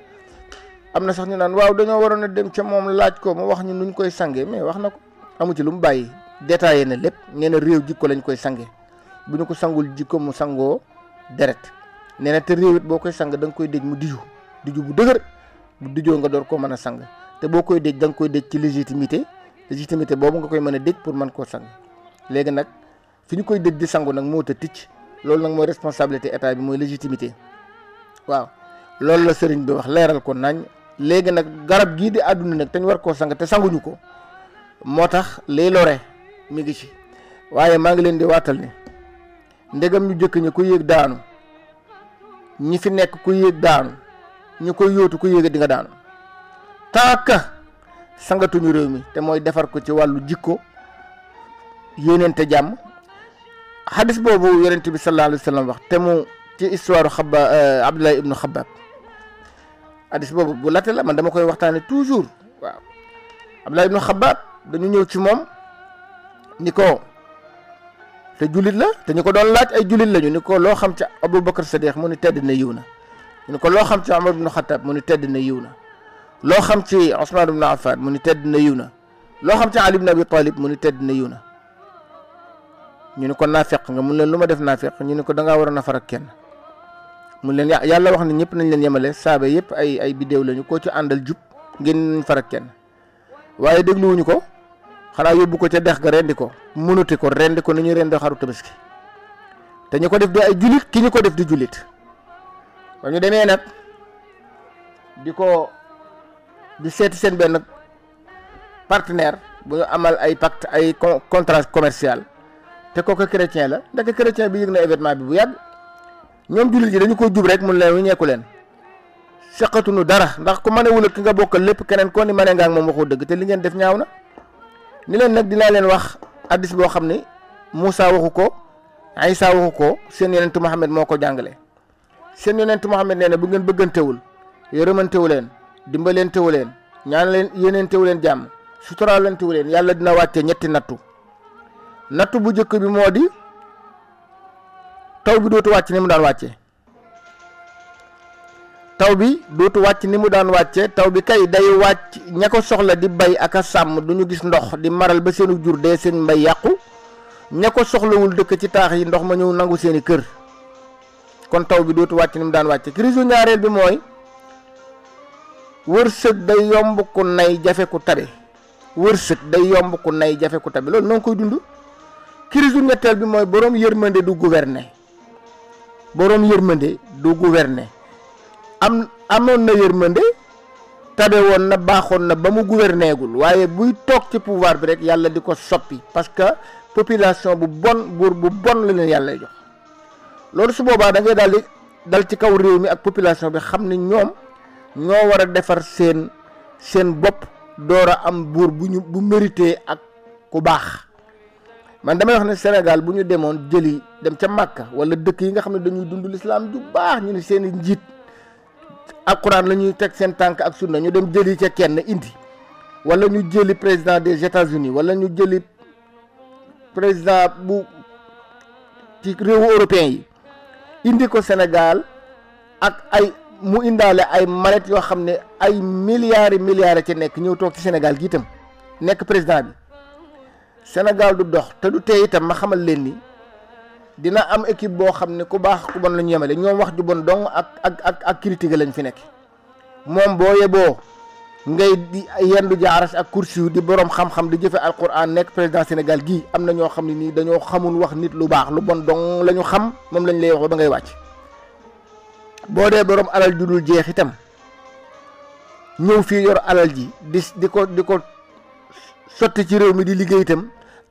am na sax ñu naan waaw dañoo waroon a dem ca moom laaj ko mu wax ñu nuñ koy sange mais wax na ko amu ci lu mu bàyyi détaillé na lépp nee na réew jikko lañu koy sange bu ñu ko sangul jikko mu sangoo deret nee na te réew it boo koy sang da nga koy dëj mu diju diju bu dëgër bu dijoo nga door ko mën a sang te boo koy dëj danga koy dëj ci légitimité légitimité boobu nga koy mën a dëj pour man koo sang léegi nag fi ñu koy dëj di sangu nag moo ta ticc loolu nag mooy responsabilité état bi mooy légitimité waaw loolu la sëriñ bi leeral ko nañ léegi nag garab gii di àdduna nag te ñu war koo sang te sanguñu ko moo tax liy lore mi ngi ci waaye maa ngi leen di waatal ni ndegam ñu jëkk ñi ku yéeg daanu ñi fi nekk ku yéeg daanu ñu koy yóotu ku yéega di nga daanu taaka sangatuñu réew mi te mooy defar ko ci wàllu jikko yéeneente jàmm xadis boobu yonent bi sallallahu alayhi wa sallam wax te mu ci histoire xaba euh, abdullahi ibnu xabaab hadith bobu bu laté la man dama koy waxtane toujours waaw Abdullah ibn khabbab dañu ñëw ci mom niko te julit la te ñu doon laaj ay julit lañu niko lo xam ci abou Bakar Sadiq mu ni tedd na yiwna niko lo xam ci Omar ibn khattab mu ni tedd na yiwna lo xam ci usman ibn affan mu ni tedd na yiwna lo xam ci Ali ibn Abi Talib mu ni tedd na yiwna ñu ni ko naafeq nga mu ne luma def nafiq ñu ni ko da nga wara nafar ak kenn mun leen yàlla wax na ñëpp nañ leen yemale saaba yëpp ay ay biddéew lañu koo ci àndal jub ngeen farak kenn waaye dégluwuñu ko xanaa yóbbu ko ca dex ga rendi ko mënuti ko rendi ko ni ñuy rendi xaru tabaski te ñu ko def di ay julit ki ñu ko def di julit ba demee nag di ko di seeti seen benn partenaire bu ñu amal ay pacte ay contrat commercial te kooku chrétien la ndaka chrétien bi yëg na événement bi bu yàgg ñoom jullit yi dañu ko jub rek mun leen wu ñeeku leen seqatunu dara ndax ku mënewul ak ki nga bokkal lépp keneen koo ni mëne nga ak moom waxoo dëgg te li ngeen def ñaaw na ni leen nag dinaa leen wax addis boo xam ni Moussa waxu ko Aïssa waxu ko seen yonentu Muhammad moo ko jàngale seen yonentu Muhammad nee na bu ngeen bëggantewul yërëmantewu leen dimbaleentewu leen ñaan leen yeneen yéeneentewu leen jàmm suturaalantewu leen yàlla dina wàcce ñetti nattu nattu bu njëkk bi moo di taw bi dootu wàcc ni mu daan wàccee taw bi dootu wàcc ni mu daan wàccee taw bi kay day wàcc ña ko soxla di bay ak a sàmm du gis ndox di maral ba seenu jur dee seen mbay yàqu ña ko soxlawul dëkk ci taax yi ndox ma ñëw nangu kër kon taw bi dootu wàcc ni mu daan wàccee crise u ñaareel bi mooy wërsëg day yomb ku nay jafe ku tabe wërsëg day yomb ku nay jafe ku tabe loolu noo koy dund crise ñetteel bi mooy borom yërmande du gouverner boroom yërmande du gouverner am amoon na yërmande tabe woon na baaxoon na ba mu gouverner waaye buy toog ci pouvoir bi rek yàlla di ko soppi parce que population bu bon buur bu bon la leen yàlla jox loolu su boobaa dangay ngay daal dal ci kaw réew mi ak population bi xam ne ñoom ñoo war a defar seen seen bopp door a am buur bu ñu bu mérité ak ku baax man damay wax ne Sénégal bu ñu demoon jëli dem ca Màkka wala dëkk yi nga xam ne dañuy dund lislaam ju baax ñu ni seen i njiit alquran la lañuy teg seen tànk ak sunna ñu dem jëli ca kenn indi wala ñu jëli président des États-Unis wala ñu jëli président bu ci réewu européen yi indi ko Sénégal ak ay mu indaale ay manettes yoo xam ne ay milliare milliards ci nekk ñëw toog ci Sénégal gi itam nekk président bi. Senegal du dox te du tey itam ma xamal leen ni dina am équipe boo xam ne ku baax ku bon la yemale ñoom wax ju bon dong ak ak ak ak critique lañ fi nekk moom boo yeboo ngay di yendu jaaras ak kursu di borom xam-xam di jëfe alquran nekk président Sénégal gii am na ñoo xam ne nii dañoo xamul wax nit lu baax lu bon dong lañu xam moom lañ lay wax ba ngay wàcc boo dee borom alal du dul jeex itam ñëw fii yor alal ji di di ko di sotti ci réew mi di liggéey itam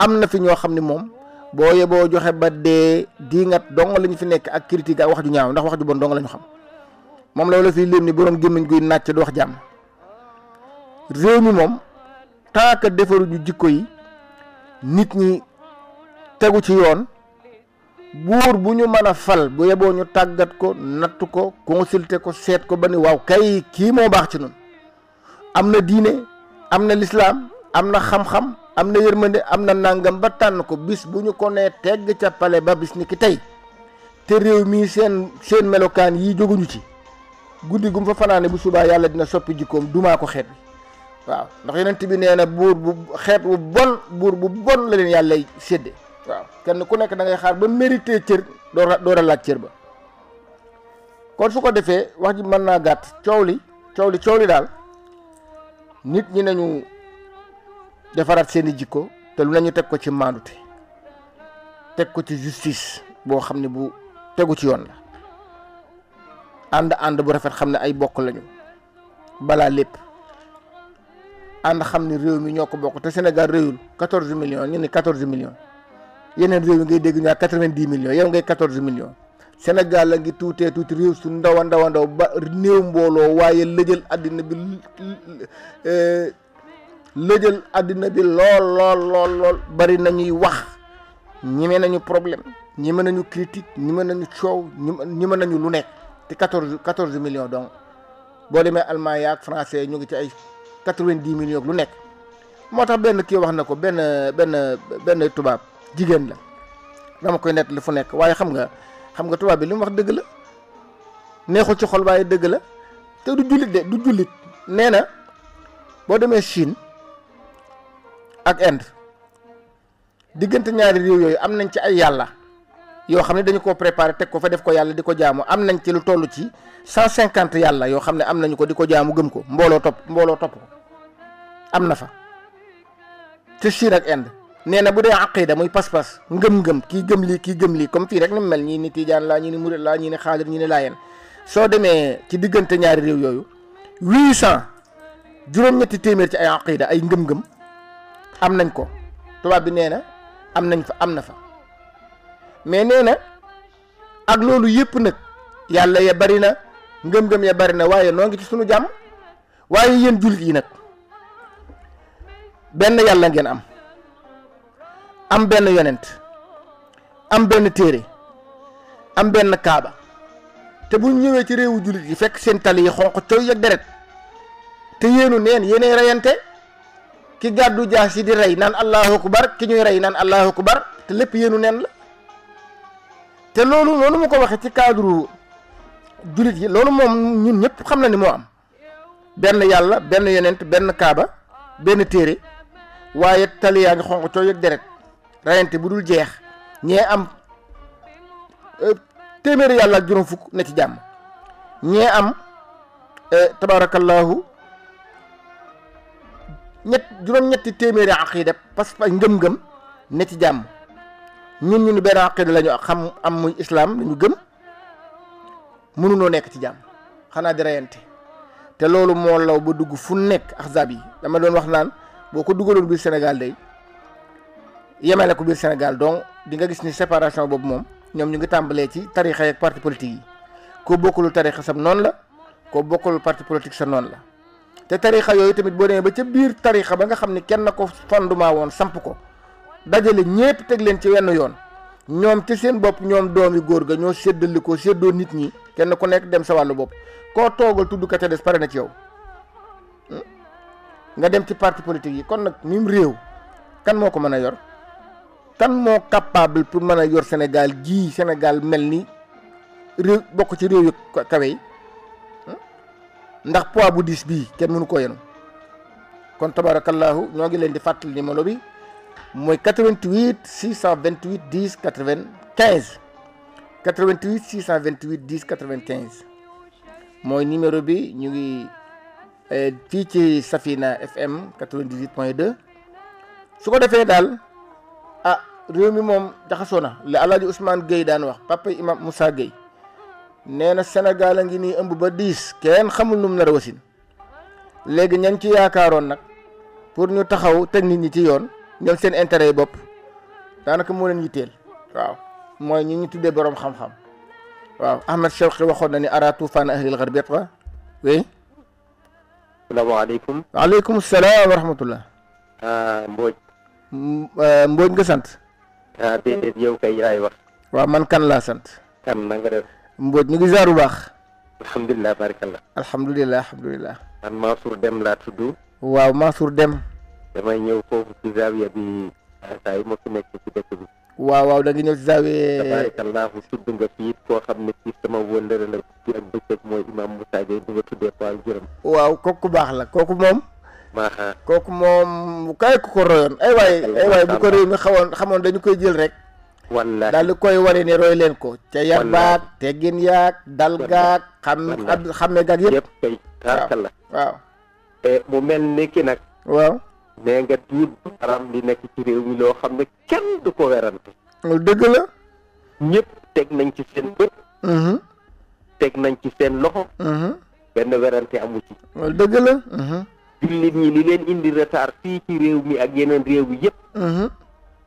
am na fi ñoo xam ne moom boo yeboo joxe ba dee diingat dong la ñu fi nekk ak critique ak wax ju ñaaw ndax wax ju bon dong la ñu xam moom loolu fii léem ni boroom gémmiñ guy nàcc du wax jàmm réew mi moom tant que defaruñu jikko yi nit ñi tegu ci yoon buur bu ñu mën a fal bu yeboo ñu tàggat ko natt ko consulter ko seet ko ba ni waaw kay kii moo baax ci noonu am na diine am na lislaam am na xam-xam am na yërmande am na nàngam ba tànn ko bis bu ñu ko nee tegg ca pale ba bis ni ki tey te réew mii seen seen melokaan yi jóguñu ci guddi gum fa fanaane bu subaa yàlla dina soppi jikkoom dumaa ko xeet bi waaw ndax yonent bi nee na buur bu xeet bu bon buur bu bon la leen yàlla sédde waaw kenn ku nekk da ngay xaar ba mérité cër door a door a laaj cër ba kon su ko defee wax ji mën naa gàtt coow li coow li coow li daal nit ñi nañu defaraat seeni jikko te lu nañu teg ko ci maandute teg ko ci justice boo xam ne bu tegu ci yoon la ànd ànd bu rafet xam ne ay bokk lañu balaa lépp ànd xam ne réew mi ñoo ko bokk te Sénégal réewul quatorze millions ñu ne quatorze millions yeneen réew yi ngay dégg ñu naan quatre-vingt-dix millions yow ngay quatorze millions Sénégal la ngi tuutee tuuti réew su ndawa a ndaw a ndaw ba néew mbooloo waaye lëjal àddina bi euh, lëjal àddina bi lool lool lool lool bari nañuy wax ñime nañu problème ñime nañu critique ñime nañu coow ñime nañu lu nekk te quatorze quatorze millions donc boo demee allemand yaak français ñu ngi ci ay quatre-vingt-dix millions lu nekk moo tax benn kii wax na ko benn benn benn tubaab jigéen la ma koy nett li fu nekk waaye xam nga xam nga tubaab bi li mu wax dëgg la neexul ci xol waaye dëgg la te du jullit de du jullit nee na boo demee Chine ak Inde diggante ñaari réew yooyu am nañ ci ay yàlla yoo xam ne dañu ko préparé teg ko fa def ko yàlla di ko jaamu am nañ ci lu toll ci cent cinquante yàlla yoo xam ne am nañu ko di ko jaamu gëm ko mbooloo topp mbooloo topp ko am na fa te Chine ak Inde nee na bu dee aqida muy pas-pas ngëm-ngëm kii gëm lii kii gëm lii comme fii rek ni mu mel ñii ni Tijaan laa ñii ni Murit laa ñii ni Xaadir ñii ni Laayeen soo demee ci diggante ñaari réew yooyu huit cent juróom téeméer ci ay aqida ay ngëm-ngëm am nañ ko tubaab bi nee na am nañ fa am na fa mais nee na ak loolu yëpp nag yàlla ya bari na ngëm-ngëm ya bari na waaye noo ngi ci sunu jàmm waaye yéen jullit yi nag benn yàlla ngeen am am benn yonent am benn téere am benn kaaba te bu ñëwee ci réewu jullit yi fekk seen tali yi xonq cooy ak deret te yéenu neen yéenay reyante ki gàddu jaas yi di rey naan allahu bar ki ñuy rey naan allahu akbar te lépp yéenu nen la te loolu noonu mu ko waxee ci cadre jullit yi loolu moom ñun ñëpp xam na ni moo am benn yàlla benn yeneent benn kaaba benn téere waaye tali yaa xonq cooy ak deret rayante bu dul jeex ñee am euh, téeméeri yàlla ak juróom fukk ne ci jàmm ñee am euh, tabaarakallaahu ñett juróom-ñetti téeméeri aqida parce que ngëm-ngëm ne ci jàmm ñun ñu ni benn aqida lañu xam am mu islaam lañu gëm mënunoo nekk ci jàmm xanaa di reyante te loolu moo law ba dugg fu nekk ahzab yi dama doon wax naan boo ko dugaloon biir Sénégal day yemale ko biir Sénégal donc di nga gis ni séparation boobu moom ñoom ñu ngi tàmbalee ci tarixa ak parti politique yi koo bokkul tarixa sam noonu la koo bokkul parti politique sa noonu la te tarixa yooyu tamit boo demee ba ca biir tarixa ba nga xam ni kenn ko fondement woon samp ko dajale ñépp teg leen ci wenn yoon ñoom ci seen bopp ñoom doom yu góor ga ñoo séddali ko séddoo nit ñi kenn ku nekk dem sa wàllu bopp koo toogal tudd ka ca des pare na ci yow hmm? nga dem ci parti politique yi kon nag mim réew kan moo ko mën a yor kan moo capable pour mën a yor Sénégal gii Sénégal mel ni réew bokk ci réew yi kawe yi ndax pois bu diis bii kenn mënu ko yenu kon tabarakallahu ñoo ngi leen di fàttali numéro bi mooy 88 628 10 95 88 628 10 95 mooy numéro bi ñu ngi eh, fii ci Safina FM 98 point 2 su ko defee daal ah réew mi moom jaxasoo na la Alaaji Ousmane Gueye daan wax papa imam Moussa Gueye nee na Sénégal a ngi nii ëmb ba diis kenn xamul nu mu nar a wasin léegi ñan ci yaakaaroon nag pour ñu taxaw teg nit ñi ci yoon ñoom seen intere yi bopp daanaka moo leen yitteel waaw mooy ñu ñu tuddee boroom xam-xam waaw Ahmed Chawqi waxoon na ni ara tuufaan ahlil garbi wa oui. salaamaaleykum. waaleykum salaam wa rahmatullah. Euh, mbooj euh, nga sant. ah déedéet yow kay waaw man kan laa sant. kan na nga def. Mbodj ñu ngi ziar bu baax. alhamdulilah barakallah. alhamdulilah alhamdulilah. dem laa Deme laa tudd. waaw Mansour Deme. damay ñëw foofu ci zaawiya bi ah, saa yu ma fi nekk ci dëkk bi. waaw waaw da nga ñëw ci zaawiya. tabarakallahu tudd nga fii koo xam ne ci sama wëndër la ci ak bëccëg mooy imam waaw kooku baax la kooku moom. maaxa kooku moom kay ku ko royoon ay bu ko mi xawoon xamoon dañu koy jël rek. wallaahi daal di koy wane ne roy leen ko. ca yar baag teggin yaag dal gaag. xam ab xàmme gaag yëpp. kay taarkalla waaw eh, mu mel ni ki nag. waaw. nee nga duut baram li nekk ci réew mi loo xam ne kenn du ko werante. dëgg la. ñépp teg nañ ci seen bët. Mhm. teg nañ ci seen loxo. Mhm. benn werante amu ci. dëgg la. Mhm. jullit ñi li leen indi retard fii ci réew mi ak yeneen réew yi yëpp.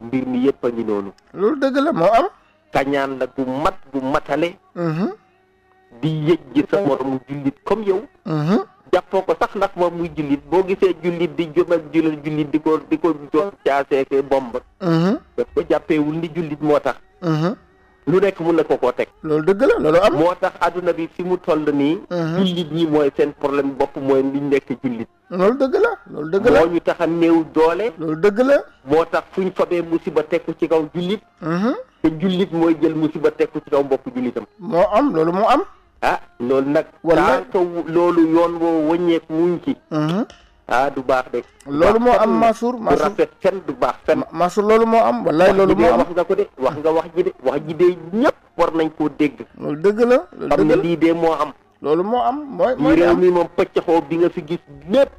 mbir mi yëpp a ngi noonu. loolu dëgg la moo am. kañaan la gu mat gu matale. Mhm. di yëjji sa moromu jullit comme yow. Mhm. jàppoo ko sax ndax moom muy jullit boo gisee jullit di jubal julal jullit di ko di ko jox caaseeke bomb. Mhm. daf ko jàppeewul ni jullit moo tax. lu nekk mun na ko koo teg. loolu dëgg la loolu am moo tax àdduna bi fi mu toll nii. Mhm. jullit ñi mooy seen problème bopp mooy liñ nekk jullit. loolu dëgg la loolu dëgg la moo ñu tax a new doole. loolu dëgg la. moo tax fuñ fabee musiba tekku ci kaw jullit. Mhm. te jullit mooy jël musiba tekku ci kaw mbokk jullitam. moo am loolu moo am. ah loolu nag. ko loolu yoon woo wëññeeku wuñ ci. Mhm. ah du baax de. loolu moo am Mansour Mansour rafet kenn du baax fenn. Mansour loolu moo am. wallaay loolu moo am wax nga ko de wax nga wax ji de wax ji de ñëpp war nañ koo dégg. loolu dëgg la loolu dëgg la lii de moo am. loolu moo am mooy mooy. réew mi moom pëccaxoo bi nga fi gis lépp.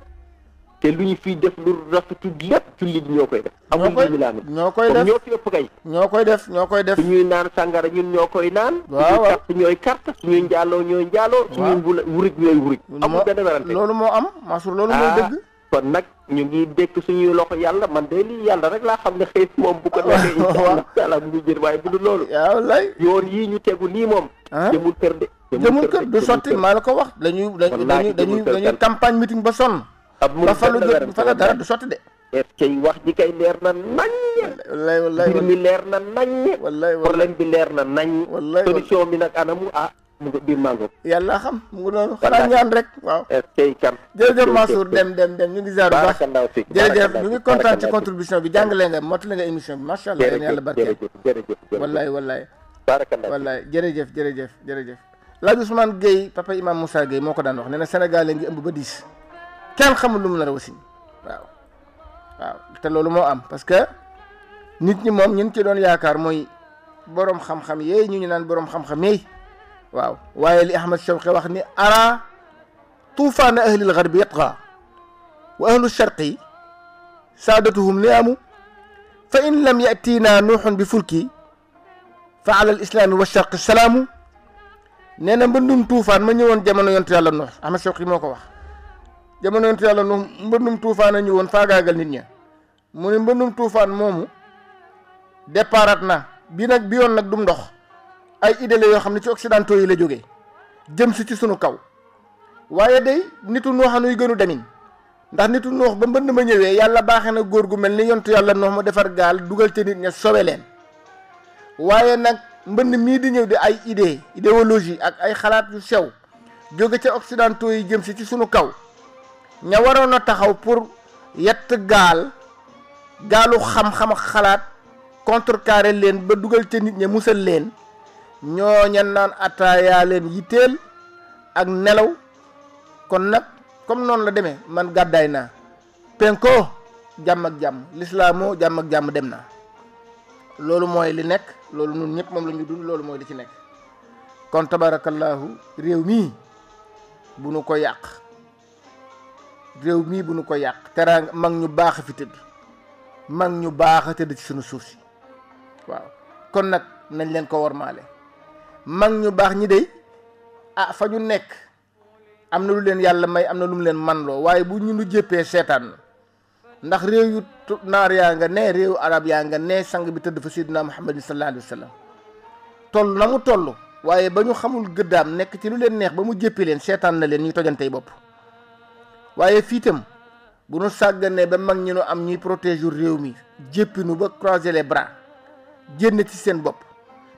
té luñu fi def lu rafetul lépp jullit ñoo koy def. amul ñu naan ñoo koy def ñokoy def ëpp kay. ñoo def ñokoy def. ñuy naan sangara ñun ñokoy naan. waaw waaw carte ñuy njaaloo ñoy njaaloo. waaw suñuy wula wurik amul ben werante lolu mo am sur lolu moy ah, dëgg. kon nak ñu ngi dékk suñu loxo yalla man de li yalla rek la xam ne mom moom bu ko neexee. waaw yàlla mu ngi way bu dul loolu. Ya waaw lay yoon yi ñu tegu nii moom. Ah. jëmul kër de. jëmul kër du sotti maa ko wax dañuy dañuy dañuy campagne meeting ba son ab mu fa la dara du sotti de cey wax ji kay leer na naññ wallaay wallaay mbir mi leer na naññ wallaay problème bi leer na naññ wallaay solution bi nag anamu ah mu ngi biir mango yàlla xam mu ngi doon xanaa ñaan rek waaw kan jërëjëf Mansour dem dem dem ñu ngi ziar bu baax jërëjëf ñu ngi kontaan ci contribution bi jàngale nga motale nga émission bi macha allah yàlla barkeel wallaay wallaay wallaay jërëjëf jërëjëf jërëjëf laaj Ousmane Gueye papa imam Moussa Gueye moo ko daan wax nee na Sénégal ngi ëmb ba diis kenn xamul lu mu nar a wasin waaw waaw moo am parce que nit ñi moom ñun ci doon yaakaar mooy borom xam-xam yéey ñu ñu naan boroom xam-xam waaw waaye li Ahmad Shawqi wax ni ara tuufaana ahlil garbi yatqa wa ahlu sharqi saadatuhum niyaamu fa in lam yatina nuuxun bi fulki fa ala al islaami wa sharqi salaamu nee na mbëndum tuufaan ma ñëwoon jamono yontu yàlla noox Ahmad Shawqi moo ko wax jamono yonent yàlla nu mbëndum tuufaan a ñëwoon faagaagal nit ña mu ne mbëndum tuufaan moomu déparat na bii nag bi yoon nag dum ndox ay idée la yoo xam ne ci occidentaux yi la jóge jëm si ci sunu kaw waaye day nitu nooxanuy gënu demin ndax nitu noox ba mbënd ma ñëwee yàlla baaxee na góor gu mel ni yontu yàlla noox ma defar gaal dugal ca nit ña sobe leen waaye nag mbënn mii di ñëw di ay idée idéologie ak ay xalaat yu sew jóge ca occidentaux yi jëm si ci sunu kaw ña waroon a taxaw pour yett gaal gaalu xam-xam xalaat contrecarrer leen ba dugal ca nit ña musal leen ñoo ñooña naan ataayaa leen yitteel ak nelaw kon nag comme noonu la demee man gàddaay na penko jàmm ak jàmm lislaamoo jàmm ak jàmm dem na loolu mooy li nekk loolu nun ñëpp moom lañuy ñu dund loolu mooy li ci nekk kon tabaarakallaahu réew mii bu nu ko yàq réew mii bu nu ko yàq teraanga mag ñu baax fi tëdd mag ñu baax a tëdd ci sunu suuf si waaw kon nag nañ leen ko warmaale mag ñu baax ñi dey ah fa ñu nekk am na lu leen yàlla may am na lu mu leen manloo waaye bu ñu nu jéppee seetaan ndax réew yu naar yaa nga ne arab yaa nga ne sang bi tëdd fa sidina muhammadin sallallahu alayhi wasallam toll na mu toll waaye ba ñu xamul gëddaam nekk ci lu leen neex ba mu jéppi leen seetaan na leen ñu tojantey bopp waaye fii itam bu nu sàgganee ba mag ñi nu am ñuy protéger réew mi jéppinu ba croiser les bras génn ci seen bopp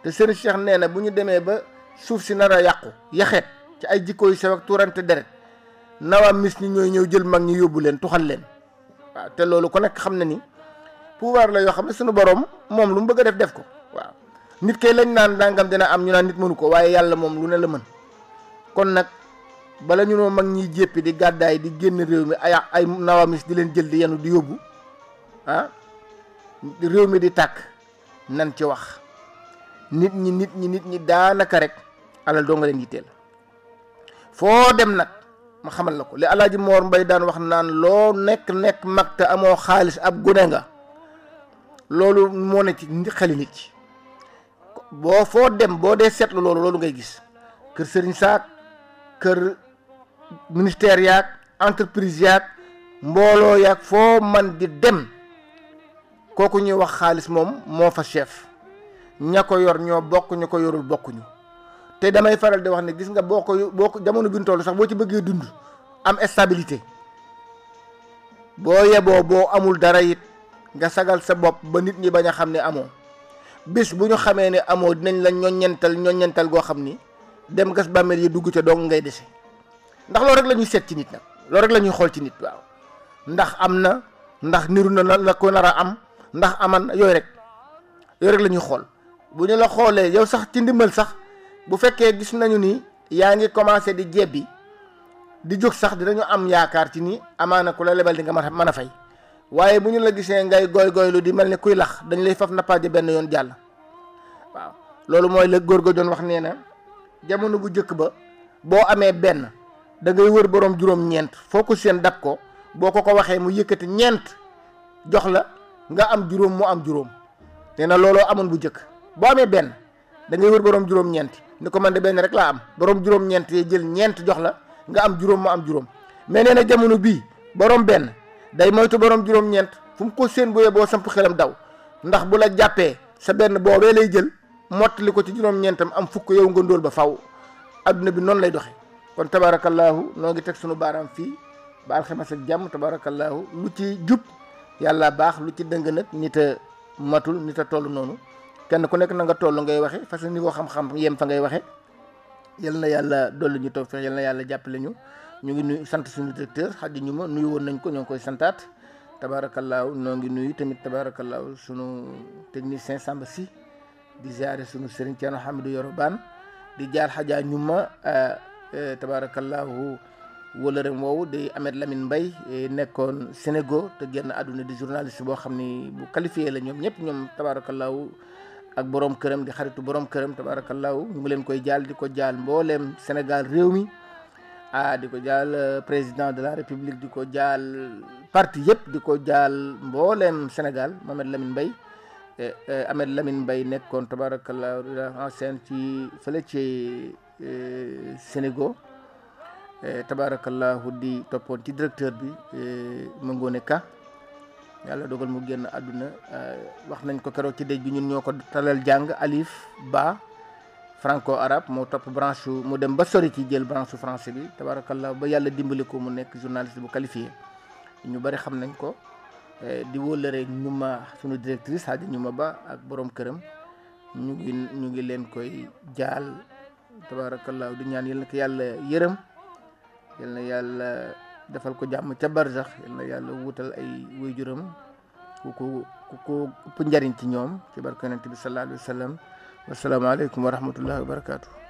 te seen cheikh nee na bu ñu demee ba suuf si nar a yàqu yaxeet ci ay jikko yu sew ak tuurante deret nawaa mis ñi ñooy ñëw jël mag ñi yóbbu leen tuxal leen waaw te loolu ko nekk xam ne ni pouvoir la yoo xam ne suñu borom moom lu mu bëgg a def def ko waaw nit kay lañ naan dangam dina am ñu naan nit mënu ko waaye yàlla moom lu ne la mën bala ñu mag ñi jéppi di gàddaay di génn réew mi ay ay nawamis di leen jël di yenu di yóbbu ah, réew mi di tàkk nan ci wax nit ñi nit ñi nit ñi daanaka rek alal doo nga leen yitteel foo dem nag ma xamal la ko li alaaji moor mbay daan wax naan loo nekk nekk mag te amoo xaalis ab gune nga loolu moo ne ci xeli nit ci boo foo dem boo dee seetlu loolu loolu ngay gis kër sëriñ saak kër ministère yak entreprise yak mbolo yak fo man di dem koku ñu wax xaalis mom mo fa chef ñako yor ño bokku ñu yorul bokku ñu te damay faral di wax ne gis nga boo ko jamono bi tollu sax bo ci dund am stabilité boo bo bo amul dara yit nga sagal sa bop ba nit ñi baña amo bis buñu xamé xamee amo dinañ la ñoññental ñoññental go xamni dem gas bàmmeel yi dugg ci dong ngay déssé ndax lo rek la set ci nit nak loolu rek la xol ci nit waaw ndax am ndax niru na la ko nara am ndax aman yoy rek yoy rek la xol xool bu ñu la xolé yow sax ci ndimbal sax bu fekke gis nañu ni yaangi commencé di jebbi di jog sax dinañu am yaakar ci ni amana ku la lebal di nga mën fay waye bu ñu la gisé ngay goy lu di melni kuy lax dañ lay faf di ben yoon jall waaw lolu moy le gorgo doon wax neena jamono bu jëk ba bo amé ben da ngay wër borom juróom-ñeent foo ko seen dab ko boo ko ko waxee mu yëkkati ñeent jox la nga am juróom mu am juróom nee na looloo amoon bu njëkk boo amee benn da ngay wër borom juróom-ñeent ni ko man de benn rek laa am borom juróom-ñeent yee jël ñeent jox la nga am juróom mu am juróom mais nee na jamono bii borom benn day moytu boroom juróom-ñeent fu mu ko seen booyee boo samp xelam daw ndax bu la jàppee sa benn boobee lay jël mottali ko ci juróom-ñeentam am fukk yow nga ba faw adduna bi noonu lay doxe kon tabaarakallaahu noo ngi teg suñu baaraam fii ba alxames ak jàmm tabaarakallaahu lu ci jub yàlla baax lu ci dëng nag nit a matul nit a toll noonu kenn ku nekk na nga toll ngay waxe parce que niveau xam-xam yem fa ngay waxe yal na yàlla dolli ñu toog fex yal na yàlla jàppale ñu ñu ngi nuyu sant suñu directeur xaj ñu ma nuyu woon nañ ko ñoo ngi koy santaat tabaarakallaahu noo ngi nuyu tamit tabaarakallaahu sunu technicien Samba Sy di ziare sunu Serigne Thierno Hamidou Yoro Bane di jaar xajaa ñu ma euh, Eh, tabaarakallaahu wëlëram woowu di Ahmed Lamine mbay eh, nekkoon Sénégal te génn àdduna di journaliste boo xam ni bu qualifié la ñoom ñëpp ñoom tabaarakallaahu ak borom këram di xaritu borom këram tabaarakallaahu ñu leen koy jaal di ko jaal mbooleem Sénégal réew mi ah di ko jaal eh, président de la république di ko jaal parti yëpp di ko jaal mbooleem Sénégal Ahmed Lamine Mbaye Ahmed Lamine mbay nekkoon tabaarakallaahu ancien ci fële ci E, Sénégal e, tabaarakallaahu di toppoon ci directeur bi e, Mangone Ka yàlla dogal mu génn àdduna wax nañ ko keroog ci dëj bi ñun ñoo ko talal jàng alif ba franco arab moo topp branche mu dem ba sori ci jël branche su français bi tabaarakallaahu ba yàlla dimbali ko mu nekk journaliste bu qualifié ñu bari xam nañ ko di wóllëre ñu ma directrice Hadj ñu ma ba ak boroom këram ñu ngi ñu ngi leen koy jaal tabaarakallaahu di ñaan yal na yàlla yërëm yal yàlla defal ko jàmm ca barzax yal yàlla wutal ay waajuram ku ko ku ko ëpp njariñ ci ñoom ci barke yonent bi sallallaahu alayhi wa sallam wasalaamaaleykum wa rahmatullahi wa